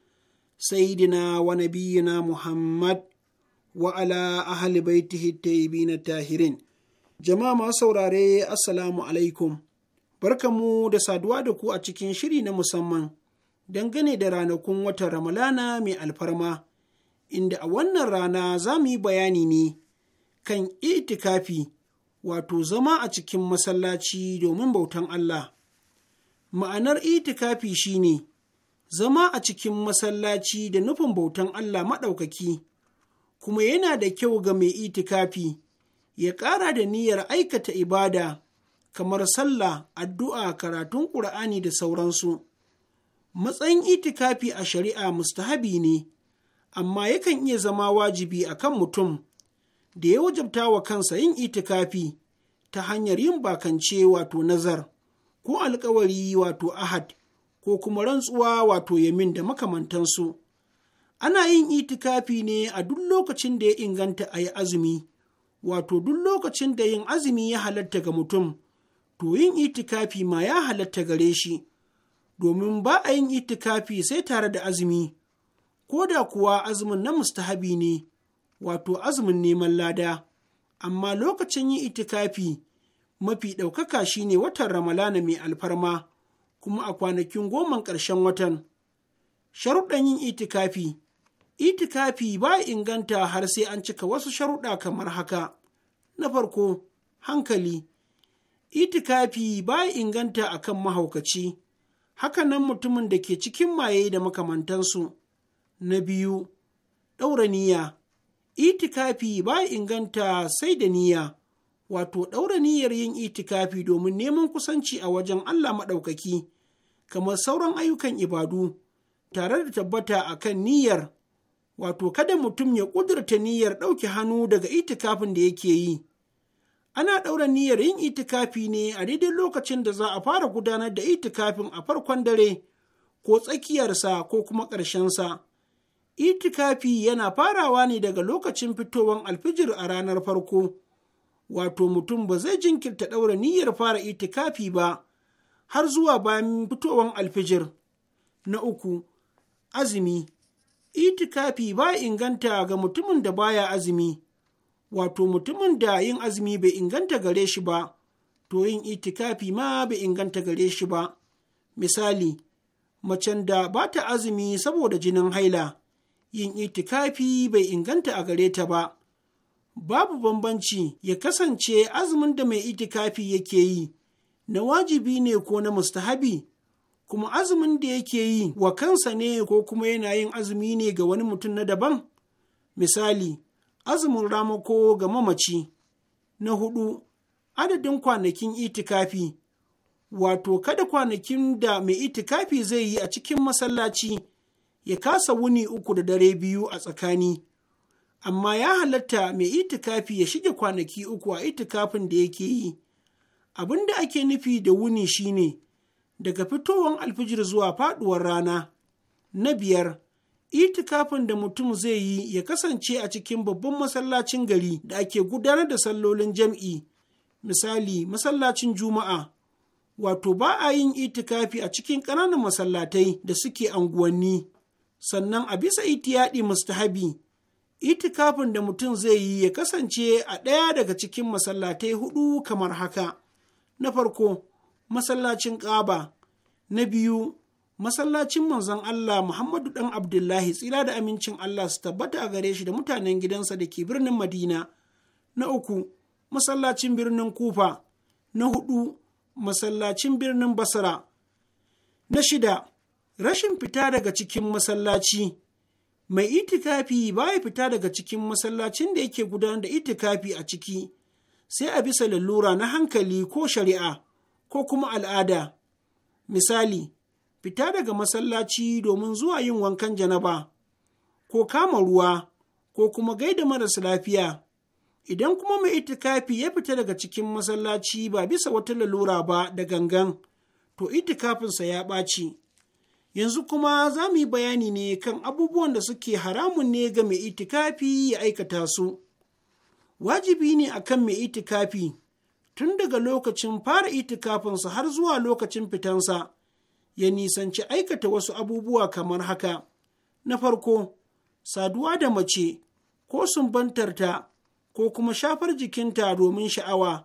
sayyidina wa nabiyyina muhammad wa ala ahli baitihi tayyibin tahirin jama'a masu saurare assalamu alaikum barkamu da saduwa da ku a cikin shiri na musamman dangane da ranakun watan ramalana mai alfarma inda a wannan rana za mu yi bayani ne kan itikafi wato zama a cikin masallaci domin bautan Allah. Ma'anar itikafi shi ne zama a cikin masallaci da nufin bautan Allah maɗaukaki, kuma yana da kyau ga mai itikafi ya ƙara da niyyar aikata ibada kamar sallah, addu'a, karatun ƙur'ani da sauransu. Matsayin itikafi a shari'a mustahabi ne, amma yakan iya zama wajibi a kan mutum. da ya wajabta wa kansa yin itikafi ta hanyar yin bakance wato nazar ko alkawari wato ahad ko kuma rantsuwa wato yamin da makamantansu ana yin itikafi ne a duk lokacin da ya inganta a yi azumi wato duk lokacin da yin azumi ya halatta ga mutum to yin itikafi ma ya halatta gare shi domin ba a yin itikafi sai tare da azumi ko da kuwa azumin na mustahabi ne wato azumin neman lada amma lokacin yin itikafi mafi ɗaukaka shine watan ramalana mai alfarma kuma a kwanakin goman ƙarshen watan sharuɗan yin itikafi itikafi ba inganta har sai an cika wasu sharuɗa kamar haka na farko hankali itikafi ba inganta a kan mahaukaci hakanan mutumin da ke cikin maye da makamantansu na biyu ɗaura niyya itikafi ba inganta sai da niyya wato ɗaura niyyar yin itikafi domin neman kusanci a wajen Allah maɗaukaki kamar sauran ayyukan ibadu tare da tabbata a kan niyyar wato kada mutum ya ƙudurta niyyar ɗauke hannu daga itikafin da yake yi ana ɗaura niyyar yin itikafi ne a daidai lokacin da za a fara gudanar da itikafin a farkon dare ko tsakiyarsa ko kuma ƙarshensa. itikafi yana farawa ne daga lokacin fitowar alfijir a ranar farko wato mutum ba zai jinkirta ɗaura niyyar fara itikafi ba har zuwa bayan fitowar alfijir na uku azumi itikafi ba inganta ga mutumin da baya azumi wato mutumin da yin azumi bai inganta gare shi ba to yin itikafi ma bai inganta gare shi ba misali macen da ba ta azumi saboda jinin haila yin itikafi bai inganta a gare ta ba babu bambanci ya kasance azumin da mai itikafi yake yi na wajibi ne ko na mustahabi kuma azumin da yake yi wa kansa ne ko kuma yana yin azumi ne ga wani mutum na daban misali azumin ramako ga mamaci na hudu adadin kwanakin itikafi wato kada kwanakin da mai itikafi zai yi a cikin masallaci ya kasa wuni uku da dare biyu a tsakani amma ya halatta mai itikafi ya shige kwanaki uku a itikafin da yake yi abin da ake nufi da wuni shine daga fitowar alfijir zuwa faduwar rana na biyar itikafin da mutum zai yi ya kasance a cikin babban masallacin gari da ake gudanar da sallolin jam'i misali masallacin juma'a wato ba a yin itikafi a cikin ƙananan masallatai da suke anguwanni sannan a bisa itiyaɗi mustahabi itikafin da mutum zai yi ya kasance a ɗaya daga cikin masallatai hudu kamar haka na farko masallacin ƙaba na biyu masallacin manzon Allah Muhammadu ɗan Abdullahi tsira da amincin Allah su tabbata a gare shi da mutanen gidansa da ke birnin Madina na uku masallacin birnin Kufa na hudu masallacin birnin Basra na shida rashin fita daga cikin masallaci mai itikafi baya fita daga cikin masallacin da yake gudanar da itikafi a ciki sai a bisa lalura na hankali ko shari'a ko kuma al'ada misali fita daga masallaci domin zuwa yin wankan janaba ko kama ruwa ko kuma gaida marasa lafiya idan kuma mai itikafi ya fita daga cikin masallaci ba bisa wata lalura ba da gangan to itikafinsa ya ɓaci Yanzu kuma za mu yi bayani ne kan abubuwan da suke haramun ne ga mai itikafi ya aikata su. Wajibi ne a kan mai itikafi tun daga lokacin fara itikafinsa har zuwa lokacin fitansa, ya nisanci aikata wasu abubuwa kamar haka. Na farko, saduwa da mace ko sumbantarta ko kuma shafar jikinta domin sha'awa.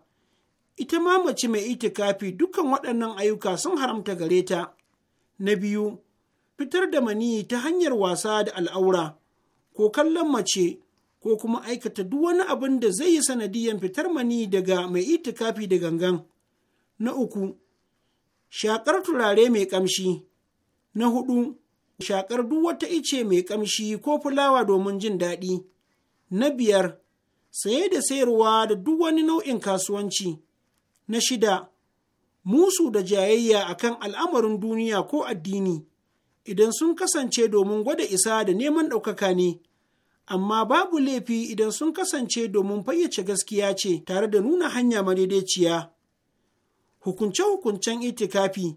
Ita ma mace mai itikafi dukkan waɗannan ayyuka sun haramta gare ta. Na biyu, fitar da maniyi ta hanyar wasa da al'aura, ko kallon mace, ko kuma aikata duk wani abin da zai yi sanadiyan fitar mani daga mai itikafi da gangan. Na uku, shakar turare mai ƙamshi. Na hudu, shakar duk wata ice mai ƙamshi ko fulawa domin jin daɗi. Na biyar, saye da sayarwa da duk wani nau'in kasuwanci. Na shida, musu da jayayya a kan al'amarin duniya ko addini idan sun kasance domin gwada isa da neman ɗaukaka ne amma babu laifi idan sun kasance domin fayyace gaskiya ce tare da nuna hanya madaidaiciya hukunce-hukuncen itikafi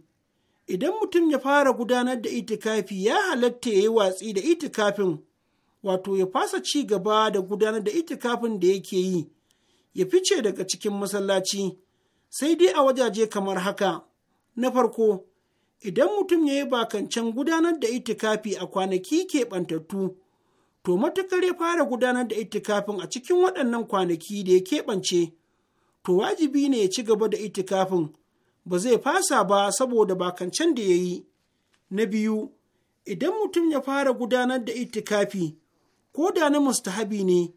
idan mutum ya fara gudanar da itikafi ya halatta ya yi watsi da itikafin wato ya fasa ci gaba da gudanar da itikafin da yake yi ya fice daga cikin masallaci sai dai a wajaje kamar haka na farko idan mutum ya yi bakancan gudanar da itikafi a kwanaki keɓantattu to matukar ya fara gudanar da itikafin a cikin waɗannan kwanaki da ya keɓance to wajibi ne ya ci gaba da itikafin ba zai fasa ba saboda bakancan da ya yi na biyu idan mutum ya fara gudanar da itikafi ko da na mustahabi ne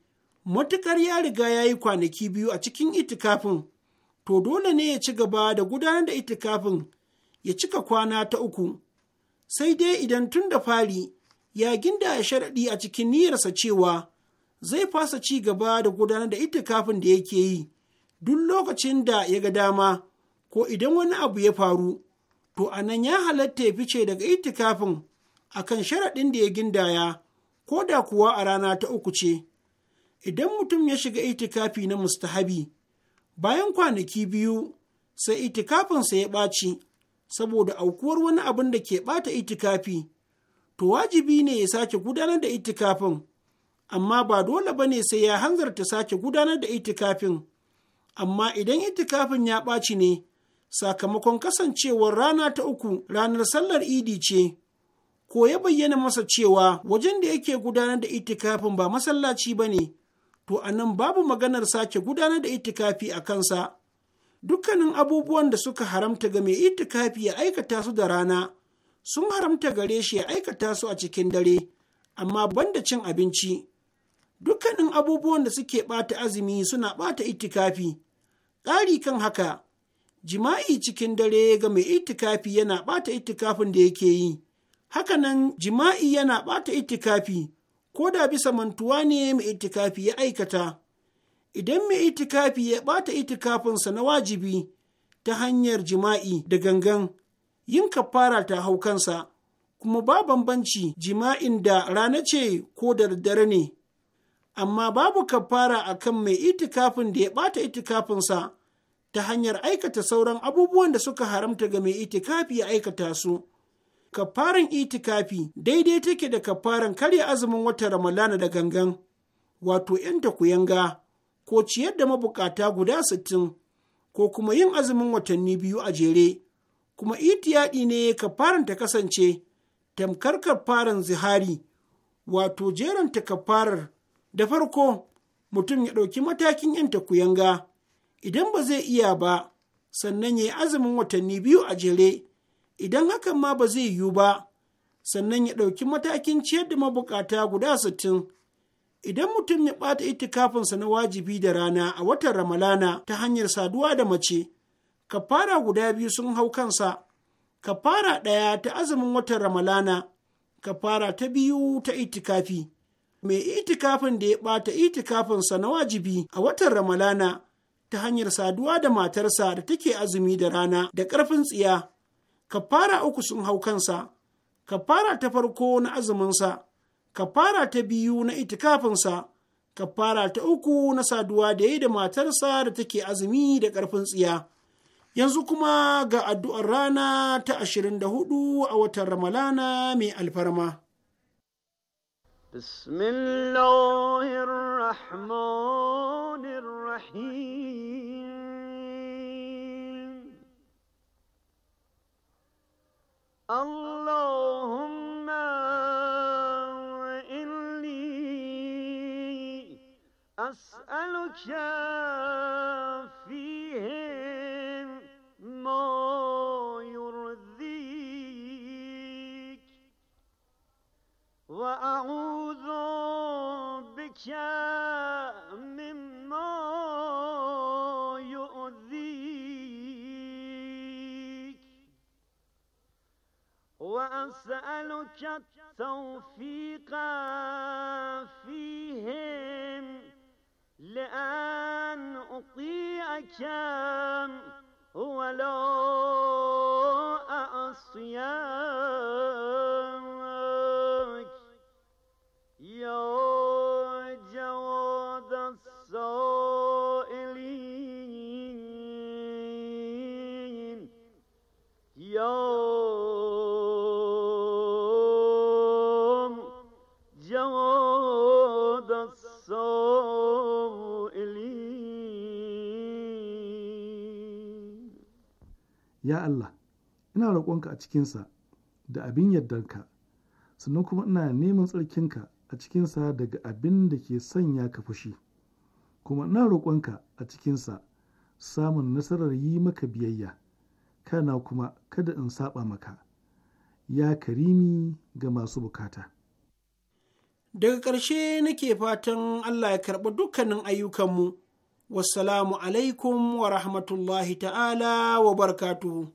matukar ya riga ya yi kwanaki biyu a cikin itikafin to dole ne ya ci gaba da gudanar da itikafin ya cika kwana ta uku, sai dai idan tun da fari ya ginda ya sharaɗi a cikin niyyarsa cewa zai fasa ci gaba da gudanar da itikafin da yake yi duk lokacin da ya ga dama ko idan wani abu ya faru, to anan ya halatta ya fice daga itikafin a kan sharaɗin da ya gindaya ko da kuwa a rana ta uku ce. Idan mutum ya shiga itikafi na mustahabi, bayan kwanaki biyu sai itikafinsa ya ɓaci saboda aukuwar wani abin da ke ɓata itikafi to wajibi ne ya sake gudanar da itikafin amma ba dole ba ne sai ya hanzarta sake gudanar da itikafin amma idan itikafin ya ɓaci ne sakamakon kasancewar rana ta uku ranar sallar idi ce ko ya bayyana masa cewa wajen da yake gudanar da itikafin ba masallaci ba ne to a nan babu maganar sake gudanar da itikafi a kansa dukkanin abubuwan da suka haramta ga mai itikafi ya aikata su da rana sun haramta gare shi ya aikata su a cikin dare amma banda cin abinci dukkanin abubuwan da suke ɓata azumi suna ɓata itikafi ƙari kan haka jima'i cikin dare ga mai itikafi yana ɓata itikafin da yake yi hakanan jima'i yana ɓata itikafi ko da bisa mantuwa ne mai itikafi ya aikata idan mai itikafi ya ɓata itikafinsa na wajibi ta hanyar jima'i da gangan yin kafara ta haukansa kuma ba bambanci jima'in da rana ce ko da daddare ne amma babu kafara a kan mai itikafin da ya ɓata itikafinsa ta hanyar aikata sauran abubuwan da suka haramta ga mai itikafi ya aikata su kafaran itikafi daidai take da kafaran karya azumin watan ramalana da gangan wato yan takuyanga ko ciyar da mabukata guda sittin ko kuma yin azumin watanni biyu a jere kuma itiyaɗi ne kafaran ta kasance tamkar kafaran zihari wato jeranta kafarar da farko mutum ya ɗauki matakin yan takuyanga idan ba zai iya ba sannan ya yi azumin watanni biyu a jere idan hakan ma ba zai yiwu ba sannan ya ɗauki matakin ciyar da mabukata guda sittin idan mutum ya ɓata itikafinsa na wajibi da rana a watan ramalana ta hanyar saduwa da mace kafara guda biyu sun hau kansa kafara ɗaya ta azumin watan ramalana kafara ta biyu ta itikafi mai itikafin da ya ɓata itikafinsa na wajibi a watan ramalana ta hanyar saduwa da matarsa da take azumi da rana da ƙarfin tsiya kafara uku sun hau kansa kafara ta farko na azuminsa kafara ta biyu na itikafinsa kafara ta uku na saduwa da yi da matarsa da take azumi da ƙarfin tsiya yanzu kuma ga addu'ar rana ta ashirin da hudu a watan ramalana mai alfarma بسم اللهم إني أسألك فيهم ما يرضيك وأعوذ بك وأسألك التوفيق فيهم لأن أطيعك ولو أعصيان Allah ina roƙonka a cikinsa da abin yardarka sannan kuma ina neman tsarkinka a cikinsa daga abin da ke sanya ka fushi kuma ina roƙonka a cikinsa samun nasarar yi maka biyayya kana kuma kada in saɓa maka ya karimi ga masu bukata daga ƙarshe nake fatan Allah ya karɓi dukkanin ayyukanmu wassalamu alaikum wa rahmatullahi ta'ala wa barkatu.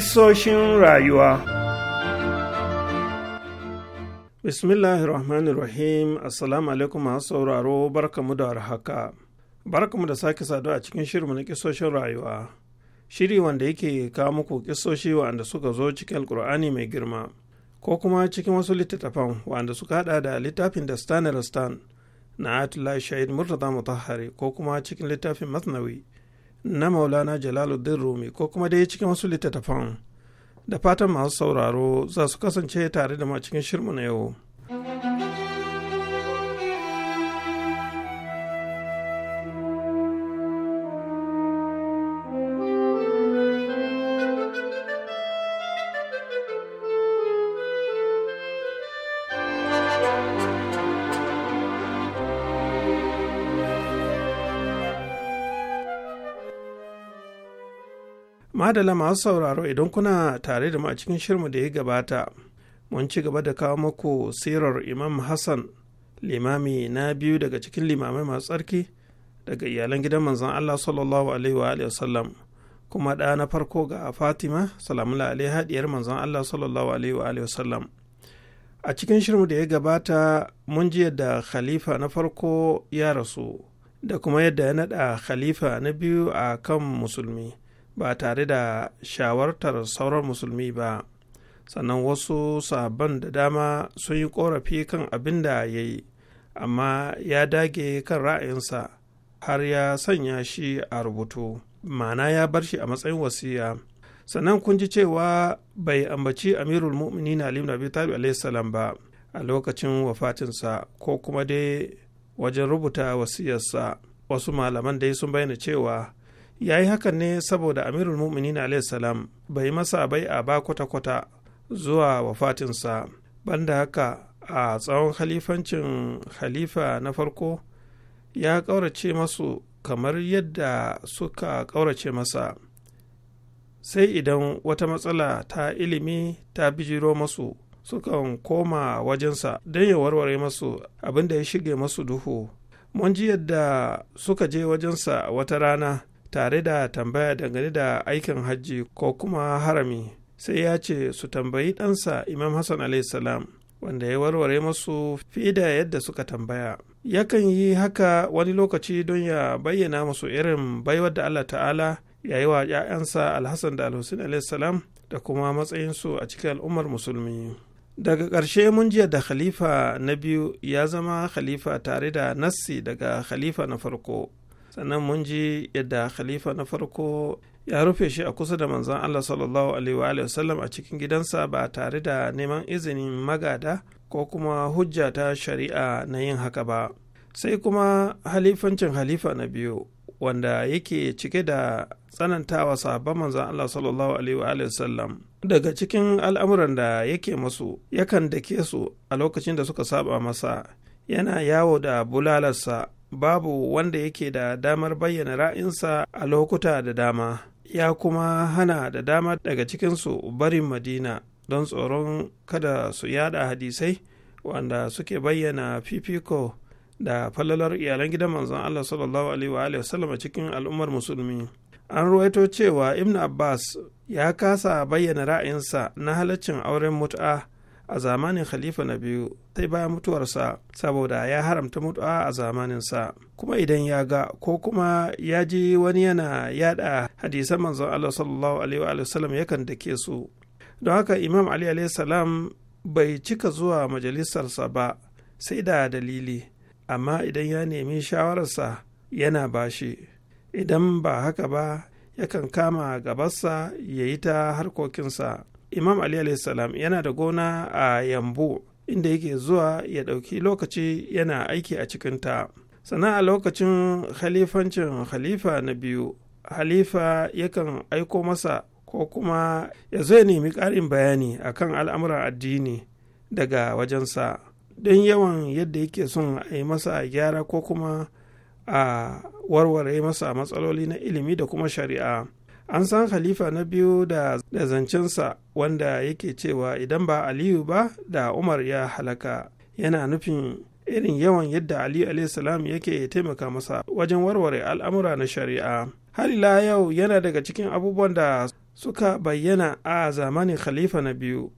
Isoshin rayuwa rahim Assalamu alaikum masu sauraro barkamu da warhaka. Barkamu da sake saduwa a cikin shirmu na kisoshin rayuwa. Shiri wanda yake kawo muku kisoshi wanda suka zo cikin Alkur'ani mai girma, ko kuma cikin wasu littattafan wanda suka hada da littafin da Stan na Atula Shahid Murtaza Mutahari ko kuma cikin littafin Masnawi na maulana jalaluddin rumi ko kuma dai cikin wasu littattafan da fatan masu sauraro za su kasance tare da ma cikin shirmu na yau madala masu sauraro idan kuna tare da mu a cikin shirmu da ya gabata mun ci gaba da kawo muku sirar imam hassan limami na biyu daga cikin limamai masu tsarki daga iyalan gidan manzon allah sallallahu alaihi wa sallam kuma ɗa na farko ga fatima salamula alaihi haɗiyar manzon allah sallallahu alaihi wa sallam a cikin shirmu da ya gabata mun ji yadda khalifa na farko ya rasu da kuma yadda ya naɗa khalifa na biyu a kan musulmi ba tare da shawartar sauran musulmi ba sannan wasu sabon da dama sun yi korafi kan abin da ya yi amma ya dage kan ra'ayinsa har ya sanya shi a rubutu Mana ya bar shi a matsayin wasiya sannan kun ji cewa bai ambaci amirul mu'mini ali alim abi talib salam ba a lokacin wafatinsa ko kuma dai wajen rubuta wasiyarsa wasu malaman dai sun bayyana cewa ya yi hakan ne saboda amirul mu'minin Salam bai masa bai a ba kwata-kwata zuwa wafatinsa banda haka a tsawon halifancin khalifa na farko ya ƙaurace masu kamar yadda suka ƙaurace masa sai idan wata matsala ta ilimi ta bijiro masu sukan koma wajensa don ya warware masu abinda ya shige masu duhu mun ji yadda suka je wajensa wata rana tare da tambaya dangane da aikin hajji ko kuma harami sai ya ce su tambayi ɗansa imam hassan salam wanda ya warware masu fiye da yadda suka tambaya yakan yi haka wani lokaci don ya bayyana masu irin baiwar da allah ta'ala ya yi wa 'ya'yansa alhassan da alhussein salam da kuma matsayinsu a cikin al'ummar musulmi daga ƙarshe mun jiya da khalifa na biyu ya zama khalifa tare da nassi daga khalifa na farko sannan mun ji yadda khalifa na farko ya rufe shi a kusa da manzon Allah sallallahu alaihi wasallam a cikin gidansa ba tare da neman izinin magada ko kuma hujja ta shari'a na yin haka ba sai kuma halifancin halifa na biyu wanda yake cike da tsanantawa sahabban manzon Allah sallallahu alaihi wasallam daga cikin al'amuran da yake masu yakan dake su a lokacin da suka saba masa yana yawo da bulalarsa babu wanda yake da damar bayyana ra'insa a lokuta da dama ya kuma hana da dama daga cikinsu barin madina don tsoron kada su yada hadisai wanda suke bayyana fifiko da falalar iyalan gidan manzon Allah sallallahu alaihi wa sallam cikin al'ummar musulmi an ruwaito cewa ibn abbas ya kasa bayyana ra'ayinsa na halaccin auren mut'a a zamanin khalifa na biyu sai baya mutuwarsa saboda ya haramta mutuwa a zamaninsa kuma idan ya ga ko kuma ya ji wani yana yada hadisan manzon Allah sallallahu alaihi wa sallam yakan dake su don haka imam ali alaihi salam bai cika zuwa majalisarsa ba sai da dalili amma idan ya nemi shawararsa yana bashi idan ba haka ba yakan kama gabarsa ya yi ta harkokinsa imam ali salam yana da gona a yambu inda yake zuwa ya ɗauki lokaci yana aiki a cikinta sannan a lokacin khalifancin khalifa na biyu halifa yakan aiko masa ko kuma ya zo ya nemi ƙarin bayani akan al'amuran addini daga wajensa don yawan yadda yake son a yi masa gyara ko kuma a warware masa matsaloli na ilimi da kuma shari'a an san khalifa na biyu da zancensa wanda yake cewa idan ba aliyu ba da umar ya halaka yana nufin irin yawan yadda aliyu salam yake taimaka masa wajen warware al'amura na shari'a har la yau yana daga cikin abubuwan da suka bayyana a zamanin khalifa na biyu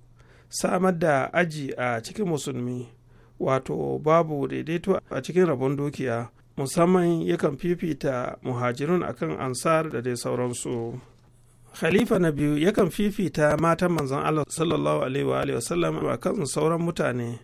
samar da aji a cikin musulmi wato babu daidaito a cikin rabon dukiya musamman yakan fifita muhajirun akan ansar da dai sauransu khalifa na biyu yakan fifita matan manzon allah sallallahu alaihi wasallam a kan sauran mutane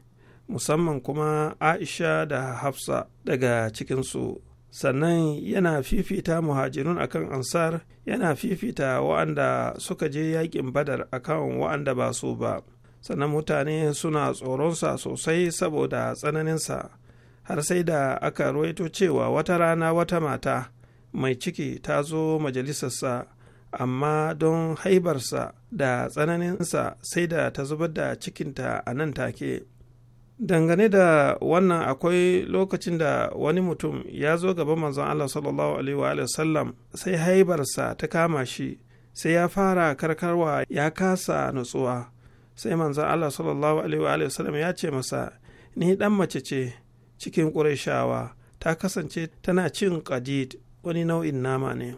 musamman kuma aisha da hafsa daga cikinsu sannan yana fifita muhajirun akan ansar yana fifita wa'anda suka je yakin badar akan wa'anda ba su ba sannan mutane suna tsoronsa sosai saboda tsananinsa har sai da aka ruwaito cewa wata rana wata mata mai ciki ta zo majalisarsa amma don haibarsa da tsananinsa sai da ta zubar da cikinta a nan take dangane da wannan akwai lokacin da wani mutum ya zo gaba manzon Allah sallallahu alaihi wa sallam sai haibarsa ta kama shi sai ya fara karkarwa ya kasa nutsuwa sai manzon Allah sallallahu alaihi wa ya ce masa ni dan mace ce cikin ƙurashawa ta kasance tana cin ƙadid wani nau'in nama ne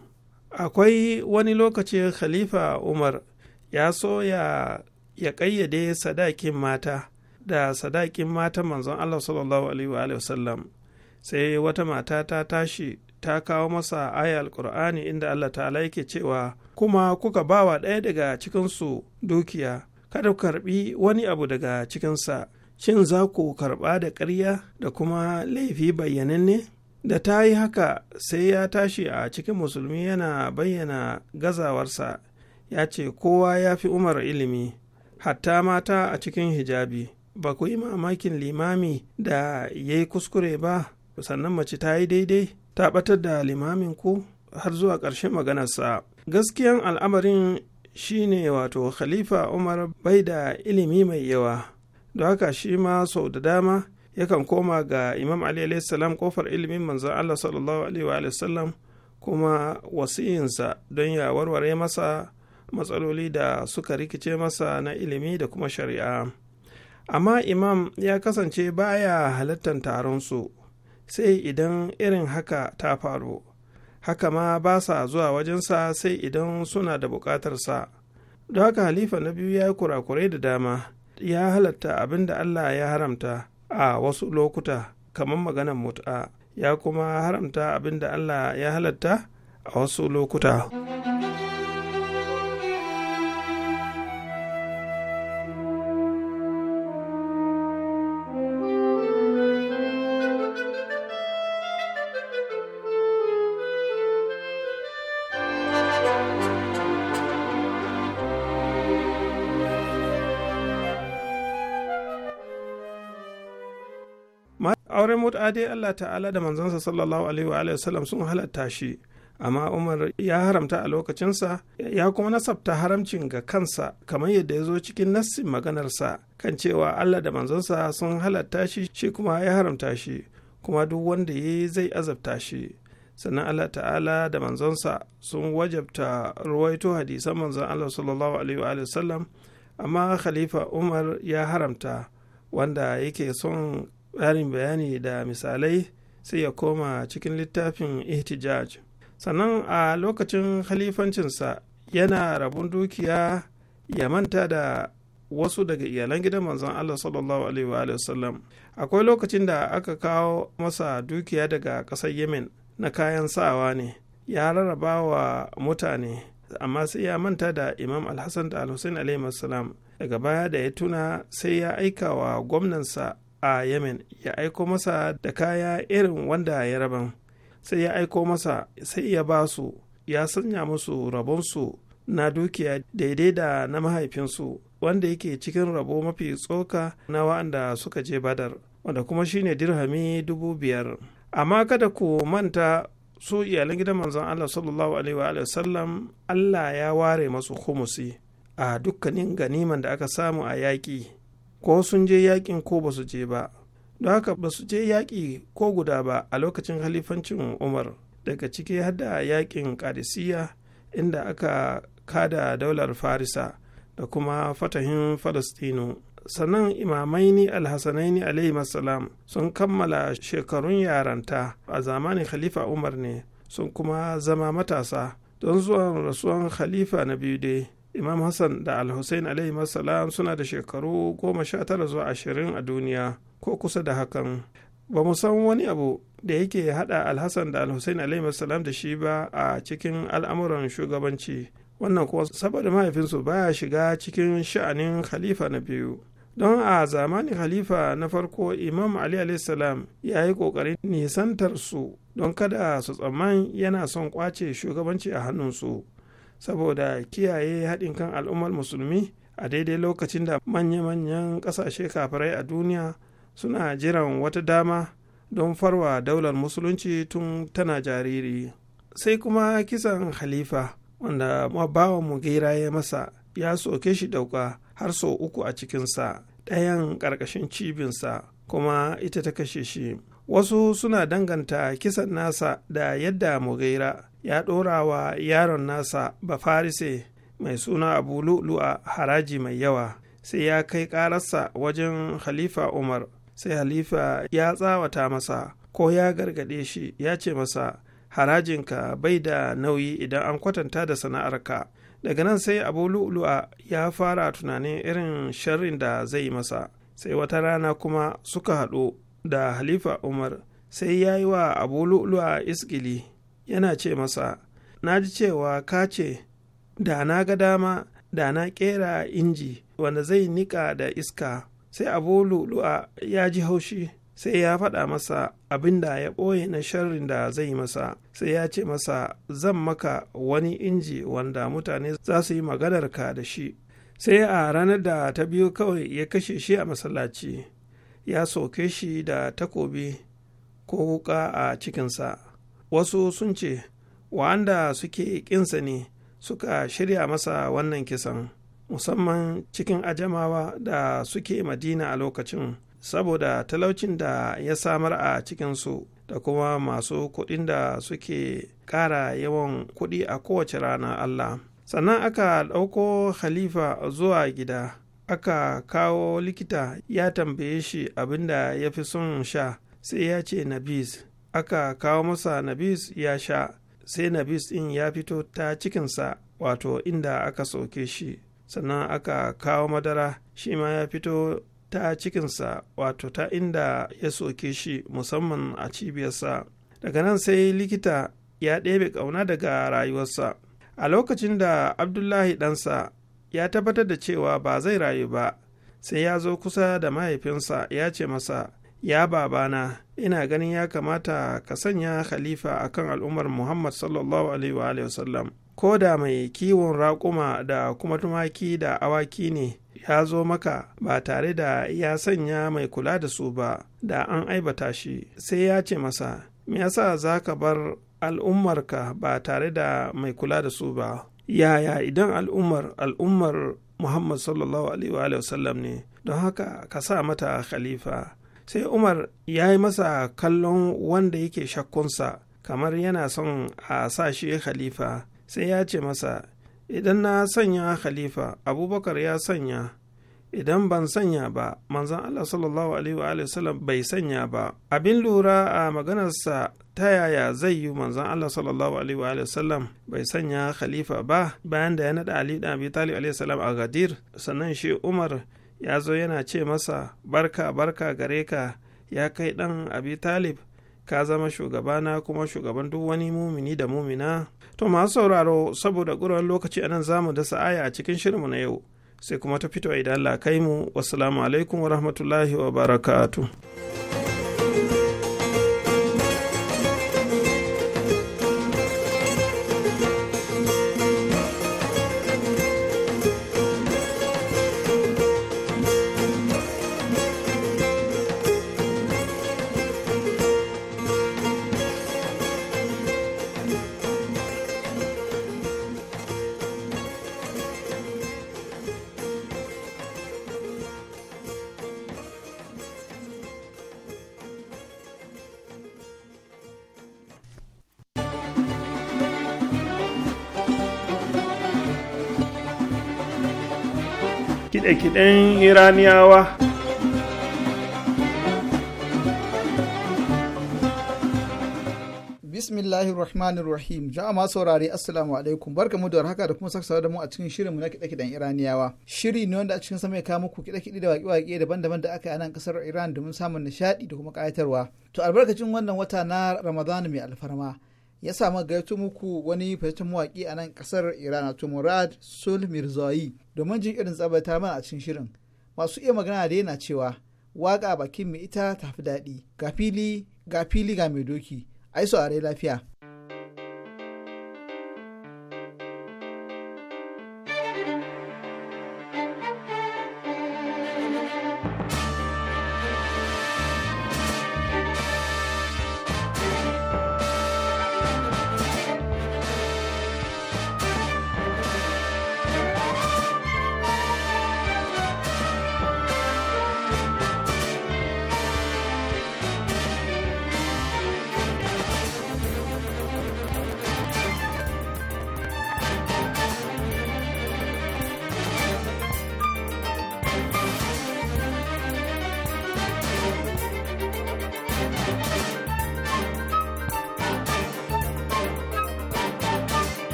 akwai wani lokacin khalifa umar ya so ya ƙayyade sadakin mata da sadakin mata manzon allah sallallahu alaihi wasallam sai wata mata ta tashi ta kawo masa aya alkur'ani inda allah ta'ala yake cewa kuma kuka bawa ɗaya daga cikinsu dukiya kada ku karbi wani abu daga cikinsa shin za ku karɓa da ƙarya da kuma laifi bayyananne da ta yi haka sai ya tashi a cikin musulmi yana bayyana gazawarsa ya ce kowa ya fi umar ilimi hatta mata a cikin hijabi ba ku yi mamakin limami da ya yi kuskure ba sannan mace ta yi daidai ta ɓatar da limamin ku har zuwa ƙarshen maganarsa gaskiyan al'amarin shine wato khalifa umar bai da ilimi mai yawa don haka shi ma sau da dama yakan koma ga imam ali salam kofar ilimin manzan allah sallallahu alaihi wa sallam kuma wasiyinsa don ya warware masa matsaloli da suka rikice masa na ilimi da kuma shari'a amma imam ya kasance baya halartar taron su sai idan irin haka ta faru haka ma ba sa zuwa wajensa sai idan suna da bukatarsa don haka halifa na biyu ya yi kurakurai da dama ya halatta abin da Allah ya haramta a wasu lokuta kamar maganar Mutu'a ya kuma haramta abin da Allah ya halatta a wasu lokuta. wata dai Allah ta'ala da manzansa sallallahu alaihi wa sallam sun halatta shi amma Umar ya haramta a lokacinsa ya kuma nasabta haramcin ga kansa kamar yadda ya zo cikin nassin maganarsa kan cewa Allah da manzansa sun halatta shi shi kuma ya haramta shi kuma duk wanda ya yi zai azabta shi sannan Allah ta'ala da manzansa sun wajabta ruwaito hadisan manzan Allah sallallahu alaihi wa sallam amma khalifa Umar ya haramta wanda yake son tsarin bayani da misalai sai ya koma cikin littafin ihtijaj sannan a lokacin halifancinsa yana rabon dukiya ya manta da wasu daga iyalan gidan manzon Allah sallallahu alaihi wa sallam akwai lokacin da aka kawo masa dukiya daga ƙasar Yemen na kayan sawa ne ya rarraba wa mutane amma sai ya manta da Imam alhassan da al alaihi salam daga baya da ya tuna sai ya aika wa gwamnansa a yemen ya aiko masa da kaya irin wanda ya raban sai ya aiko masa sai ya ba su ya sanya musu rabonsu na dukiya daidai da na mahaifinsu wanda yake cikin rabo mafi tsoka na wa'anda suka je badar wanda kuma shine dirhami dubu biyar amma kada ku manta su iyalin gidan manzon Allah sallallahu alaihi wa sallam Allah ya ware masu humusi a dukkanin ganiman da aka samu a yaƙi ko sun je yakin ko ba su je ba don haka ba su je yaƙi ko guda ba a lokacin halifancin umar daga ciki har da yakin kadisiya inda aka kada daular farisa da kuma fatahin falastinu sannan imamaini alhassanaini alaihi sun kammala shekarun yaranta a zamanin khalifa umar ne sun kuma zama matasa don zuwan rasuwan khalifa na biyu dai imam hassan da al-hussein alaihi suna da shekaru goma sha tara zuwa ashirin a duniya ko kusa da hakan ba mu san wani abu da yake hada al-hassan da al-hussein alaihi da shi ba a cikin al'amuran shugabanci wannan kuwa saboda mahaifinsu baya shiga cikin sha'anin khalifa na biyu don a zamani khalifa na farko imam ali salam ya yi ƙoƙarin nisantar su don kada su tsamman yana son kwace shugabanci a hannunsu saboda kiyaye haɗin kan al'ummar musulmi a daidai lokacin da manya-manyan ƙasashe kafirai a duniya suna jiran wata dama don farwa daular musulunci tun tana jariri sai kuma kisan halifa wanda mu gaira ya masa ya soke shi dauka har sau uku a cikinsa ɗayan ƙarƙashin cibinsa kuma ita ta kashe shi wasu suna danganta kisan nasa da yadda mugaira ya ɗora wa yaron nasa bafarise mai suna abu lu'lu'a haraji mai yawa sai ya kai ƙararsa wajen halifa umar sai halifa ya tsawata masa ko ya gargaɗe shi ya ce masa harajinka bai da nauyi idan an kwatanta da sana'arka daga nan sai abu lu'lu'a ya fara tunanin irin sharrin da zai masa sai wata rana kuma suka haɗu da halifa umar sai ya yi wa abu lu'lu'a isgili yana ce masa na ji cewa ka ce da na ga dama da na kera inji wanda zai niƙa da iska sai abu lulu'a ya ji haushi sai ya faɗa masa abin da ya ɓoye na sharrin da zai masa sai ya ce masa zan maka wani inji wanda mutane za su yi maganarka da shi sai a ranar da ta biyu kawai ya kashe shi a masallaci ya soke shi da takobi ko wuka a cikinsa wasu sun ce wa'anda suke ƙinsa ne suka shirya masa wannan kisan musamman cikin ajamawa da suke madina a lokacin saboda talaucin da ya samar a cikinsu da kuma masu kuɗin da suke ƙara yawan kuɗi a kowace rana Allah. Sannan aka ɗauko Khalifa zuwa gida, aka kawo likita ya tambaye shi abinda ya fi son sha, sai ya ce Nabis, aka kawo masa nabis ya sha sai nabis ɗin ya fito ta cikinsa wato inda aka soke shi sannan aka kawo madara shi ma ya fito ta cikinsa wato ta inda ya soke shi musamman a cibiyarsa daga nan sai likita ya ɗebe ƙauna daga rayuwarsa a lokacin da abdullahi ɗansa ya tabbatar da cewa ba zai rayu ba sai ya zo kusa da mahaifinsa ya ce masa ya babana ina ganin ya kamata ka sanya khalifa a kan al'ummar muhammad sallallahu alaihi wa ko da mai kiwon raƙuma da kuma tumaki da awaki ne ya zo maka ba tare da ya sanya mai kula da su ba da an aibata shi sai ya ce masa me yasa za ka bar al'ummarka ba tare da mai kula da su ba yaya idan al'ummar al'ummar muhammad sallallahu alaihi wa ne don haka ka sa mata khalifa sai umar ya yi masa kallon wanda yake shakkunsa kamar yana son a sa shi khalifa sai ya ce masa idan na sanya khalifa abubakar ya sanya idan ban sanya ba manzan allah sallallahu alaihi bai sanya ba abin lura a maganarsa ta yaya zai yi manzan allah sallallahu alaihi bai sanya khalifa ba bayan da ya naɗa ali da abi talib alaihi salam a gadir sannan shi umar ya zo yana ce masa barka barka gare ka ya kai ɗan abi talib ka zama shugabana kuma shugaban duk wani mumini da mumina to masu sauraro saboda ƙuran lokaci anan zamu dasa aya a cikin shirinmu na yau sai kuma ta fito idan Allah kai mu wasu alaikum wa rahmatullahi wa barakatuh kiɗe-kiɗen iraniyawa bismillahir rahmanir rahim jama'a saurari assalamu alaikum barka mu da haka da kuma saka da mu a cikin shirin mu na kiɗe kiɗen iraniyawa shiri ne wanda a cikin sama ya kawo muku kiɗe kiɗe da waƙe waƙe daban-daban da aka yi a nan ƙasar iran domin samun nishaɗi da kuma ƙayatarwa to albarkacin wannan wata na ramadan mai alfarma ya samu gaito muku wani fashin mawaƙi a nan ƙasar iran to murad sul mirzayi domin jin irin tsabata mana a cikin shirin masu iya magana da yana cewa waƙa bakin mai ita tafi daɗi ga fili ga fili ga mai doki ai saurare lafiya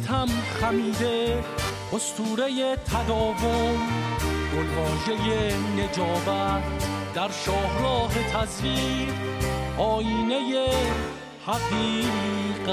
ستم خمیده استوره تداوم گلواجه نجابت در شاهراه تزویر آینه حقیقت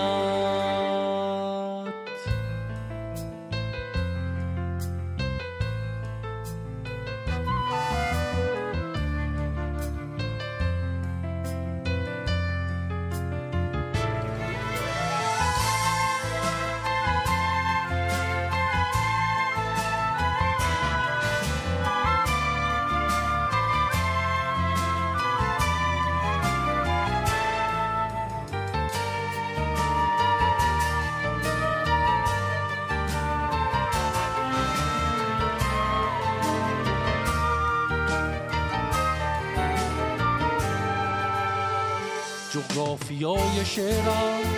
عاشقم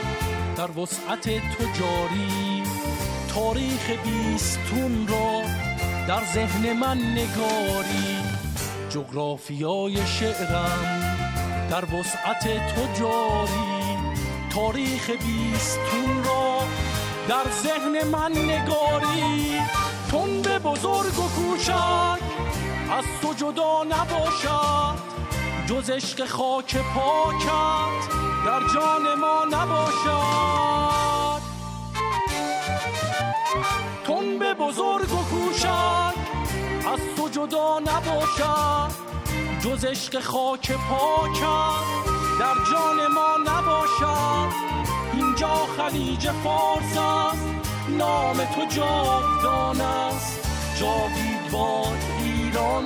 در وسعت تو جاری تاریخ بیستون را در ذهن من نگاری جغرافیای شعرم در وسعت تو جاری تاریخ بیستون را در ذهن من نگاری تند بزرگ و کوچک از تو جدا نباشد جز عشق خاک پاکت در جان ما نباشد تن بزرگ و کوشد از تو جدا نباشد جز عشق خاک پاکم در جان ما نباشد اینجا خلیج فارس است نام تو جاودان است جاوید باد ایران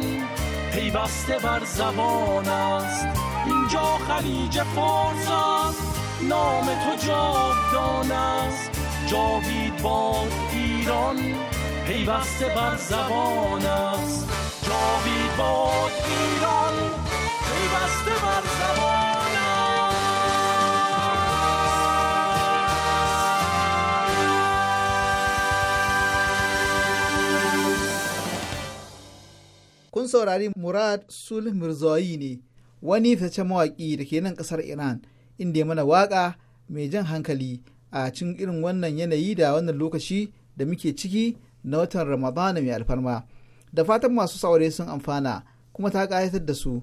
پیوسته بر زبان است اینجا خلیج فارس است نام تو جاودان است جاوید باد ایران پیوسته بر زبان است جاوید باد ایران پیوسته بر زبان کنسور علی مراد صلح wani fitaccen mawaƙi da ke nan ƙasar iran inda ya mana waƙa mai jan hankali a cikin irin wannan yanayi da wannan lokaci da muke ciki na watan ramadana mai alfarma da fatan masu saurare sun amfana kuma ta ƙayatar da su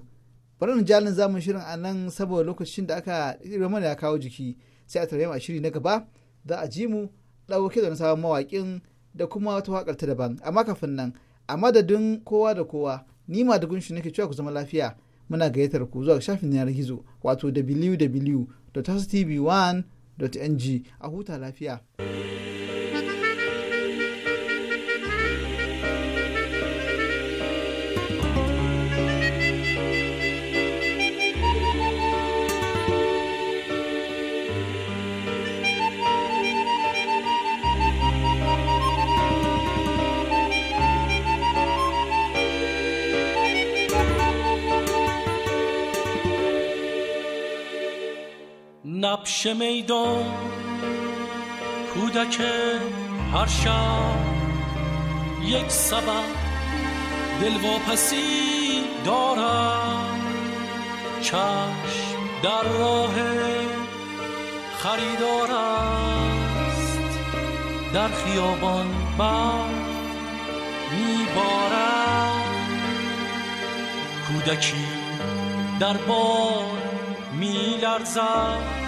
bari na jalin zamun shirin a nan saboda lokacin da aka irin mana ya kawo jiki sai a tarayyar a shiri na gaba za a ji mu ɗauke da sabon mawaƙin da kuma wata waƙar ta daban amma kafin nan a madadin kowa da kowa ni ma da gunshi nake cewa ku zama lafiya muna gayyatar ku zuwa shafin yanar gizo wato www.tv1.ng a huta lafiya. نقش میدان کودک هر شب یک سبب دلواپسی دارد چشم در راه خریدار است در خیابان بر میبارد کودکی در بار میلرزد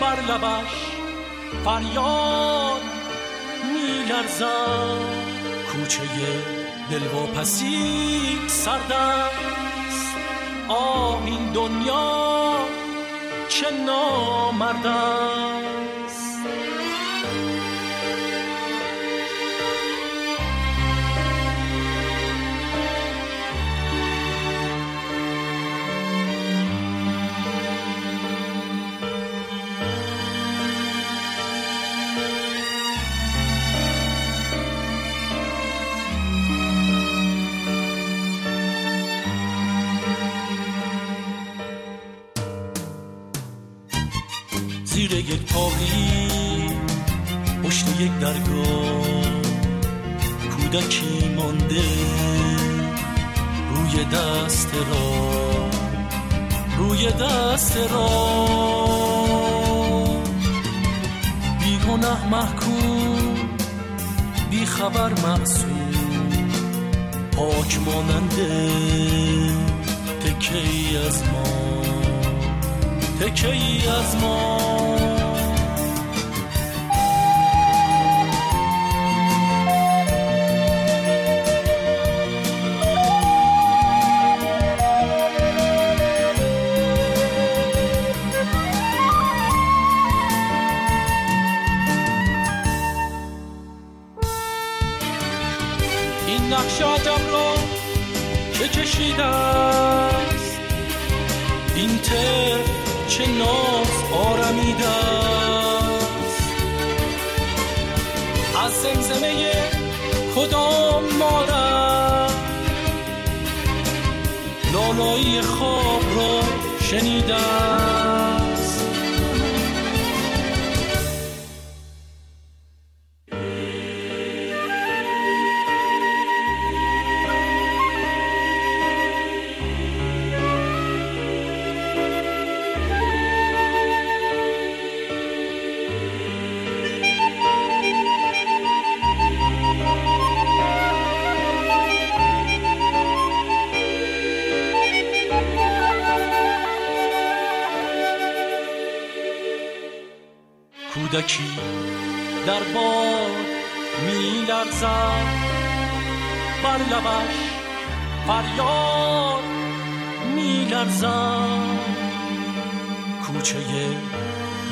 بر لبش فریاد میلرزد کوچه دلواپسی سرد سردست آه این دنیا چه نامرد یک پاقی پشت یک درگاه کودکی مانده روی دست را روی دست را بیگنه محکوم خبر معصوم پاک ماننده ای از ما ای از ما شادم را که کشیده است این تر چه ناز آرمیده است از زمزمه کدام مادر لالایی خواب را شنیدم سر بر لبش فریاد میلرزد کوچه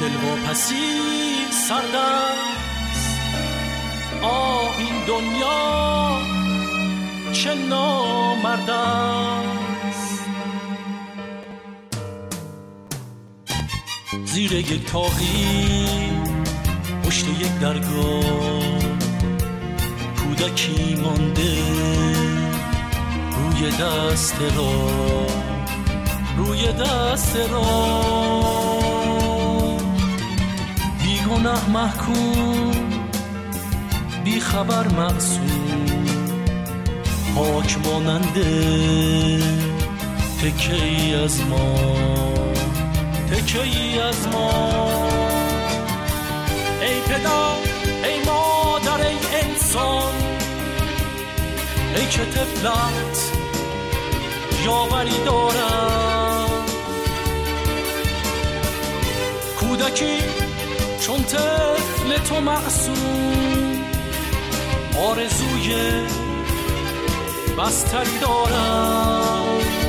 دلواپسی سرد است آه این دنیا چه نامرد زیر یک تاقی پشت یک درگاه کودکی مانده روی دست را روی دست را بیگنه محکوم بی خبر معصوم پاک ماننده تکه ای از ما تکه ای از ما ای پدر انسان ای که تفلت یاوری دارم کودکی چون تفل تو معصوم آرزوی بستری دارم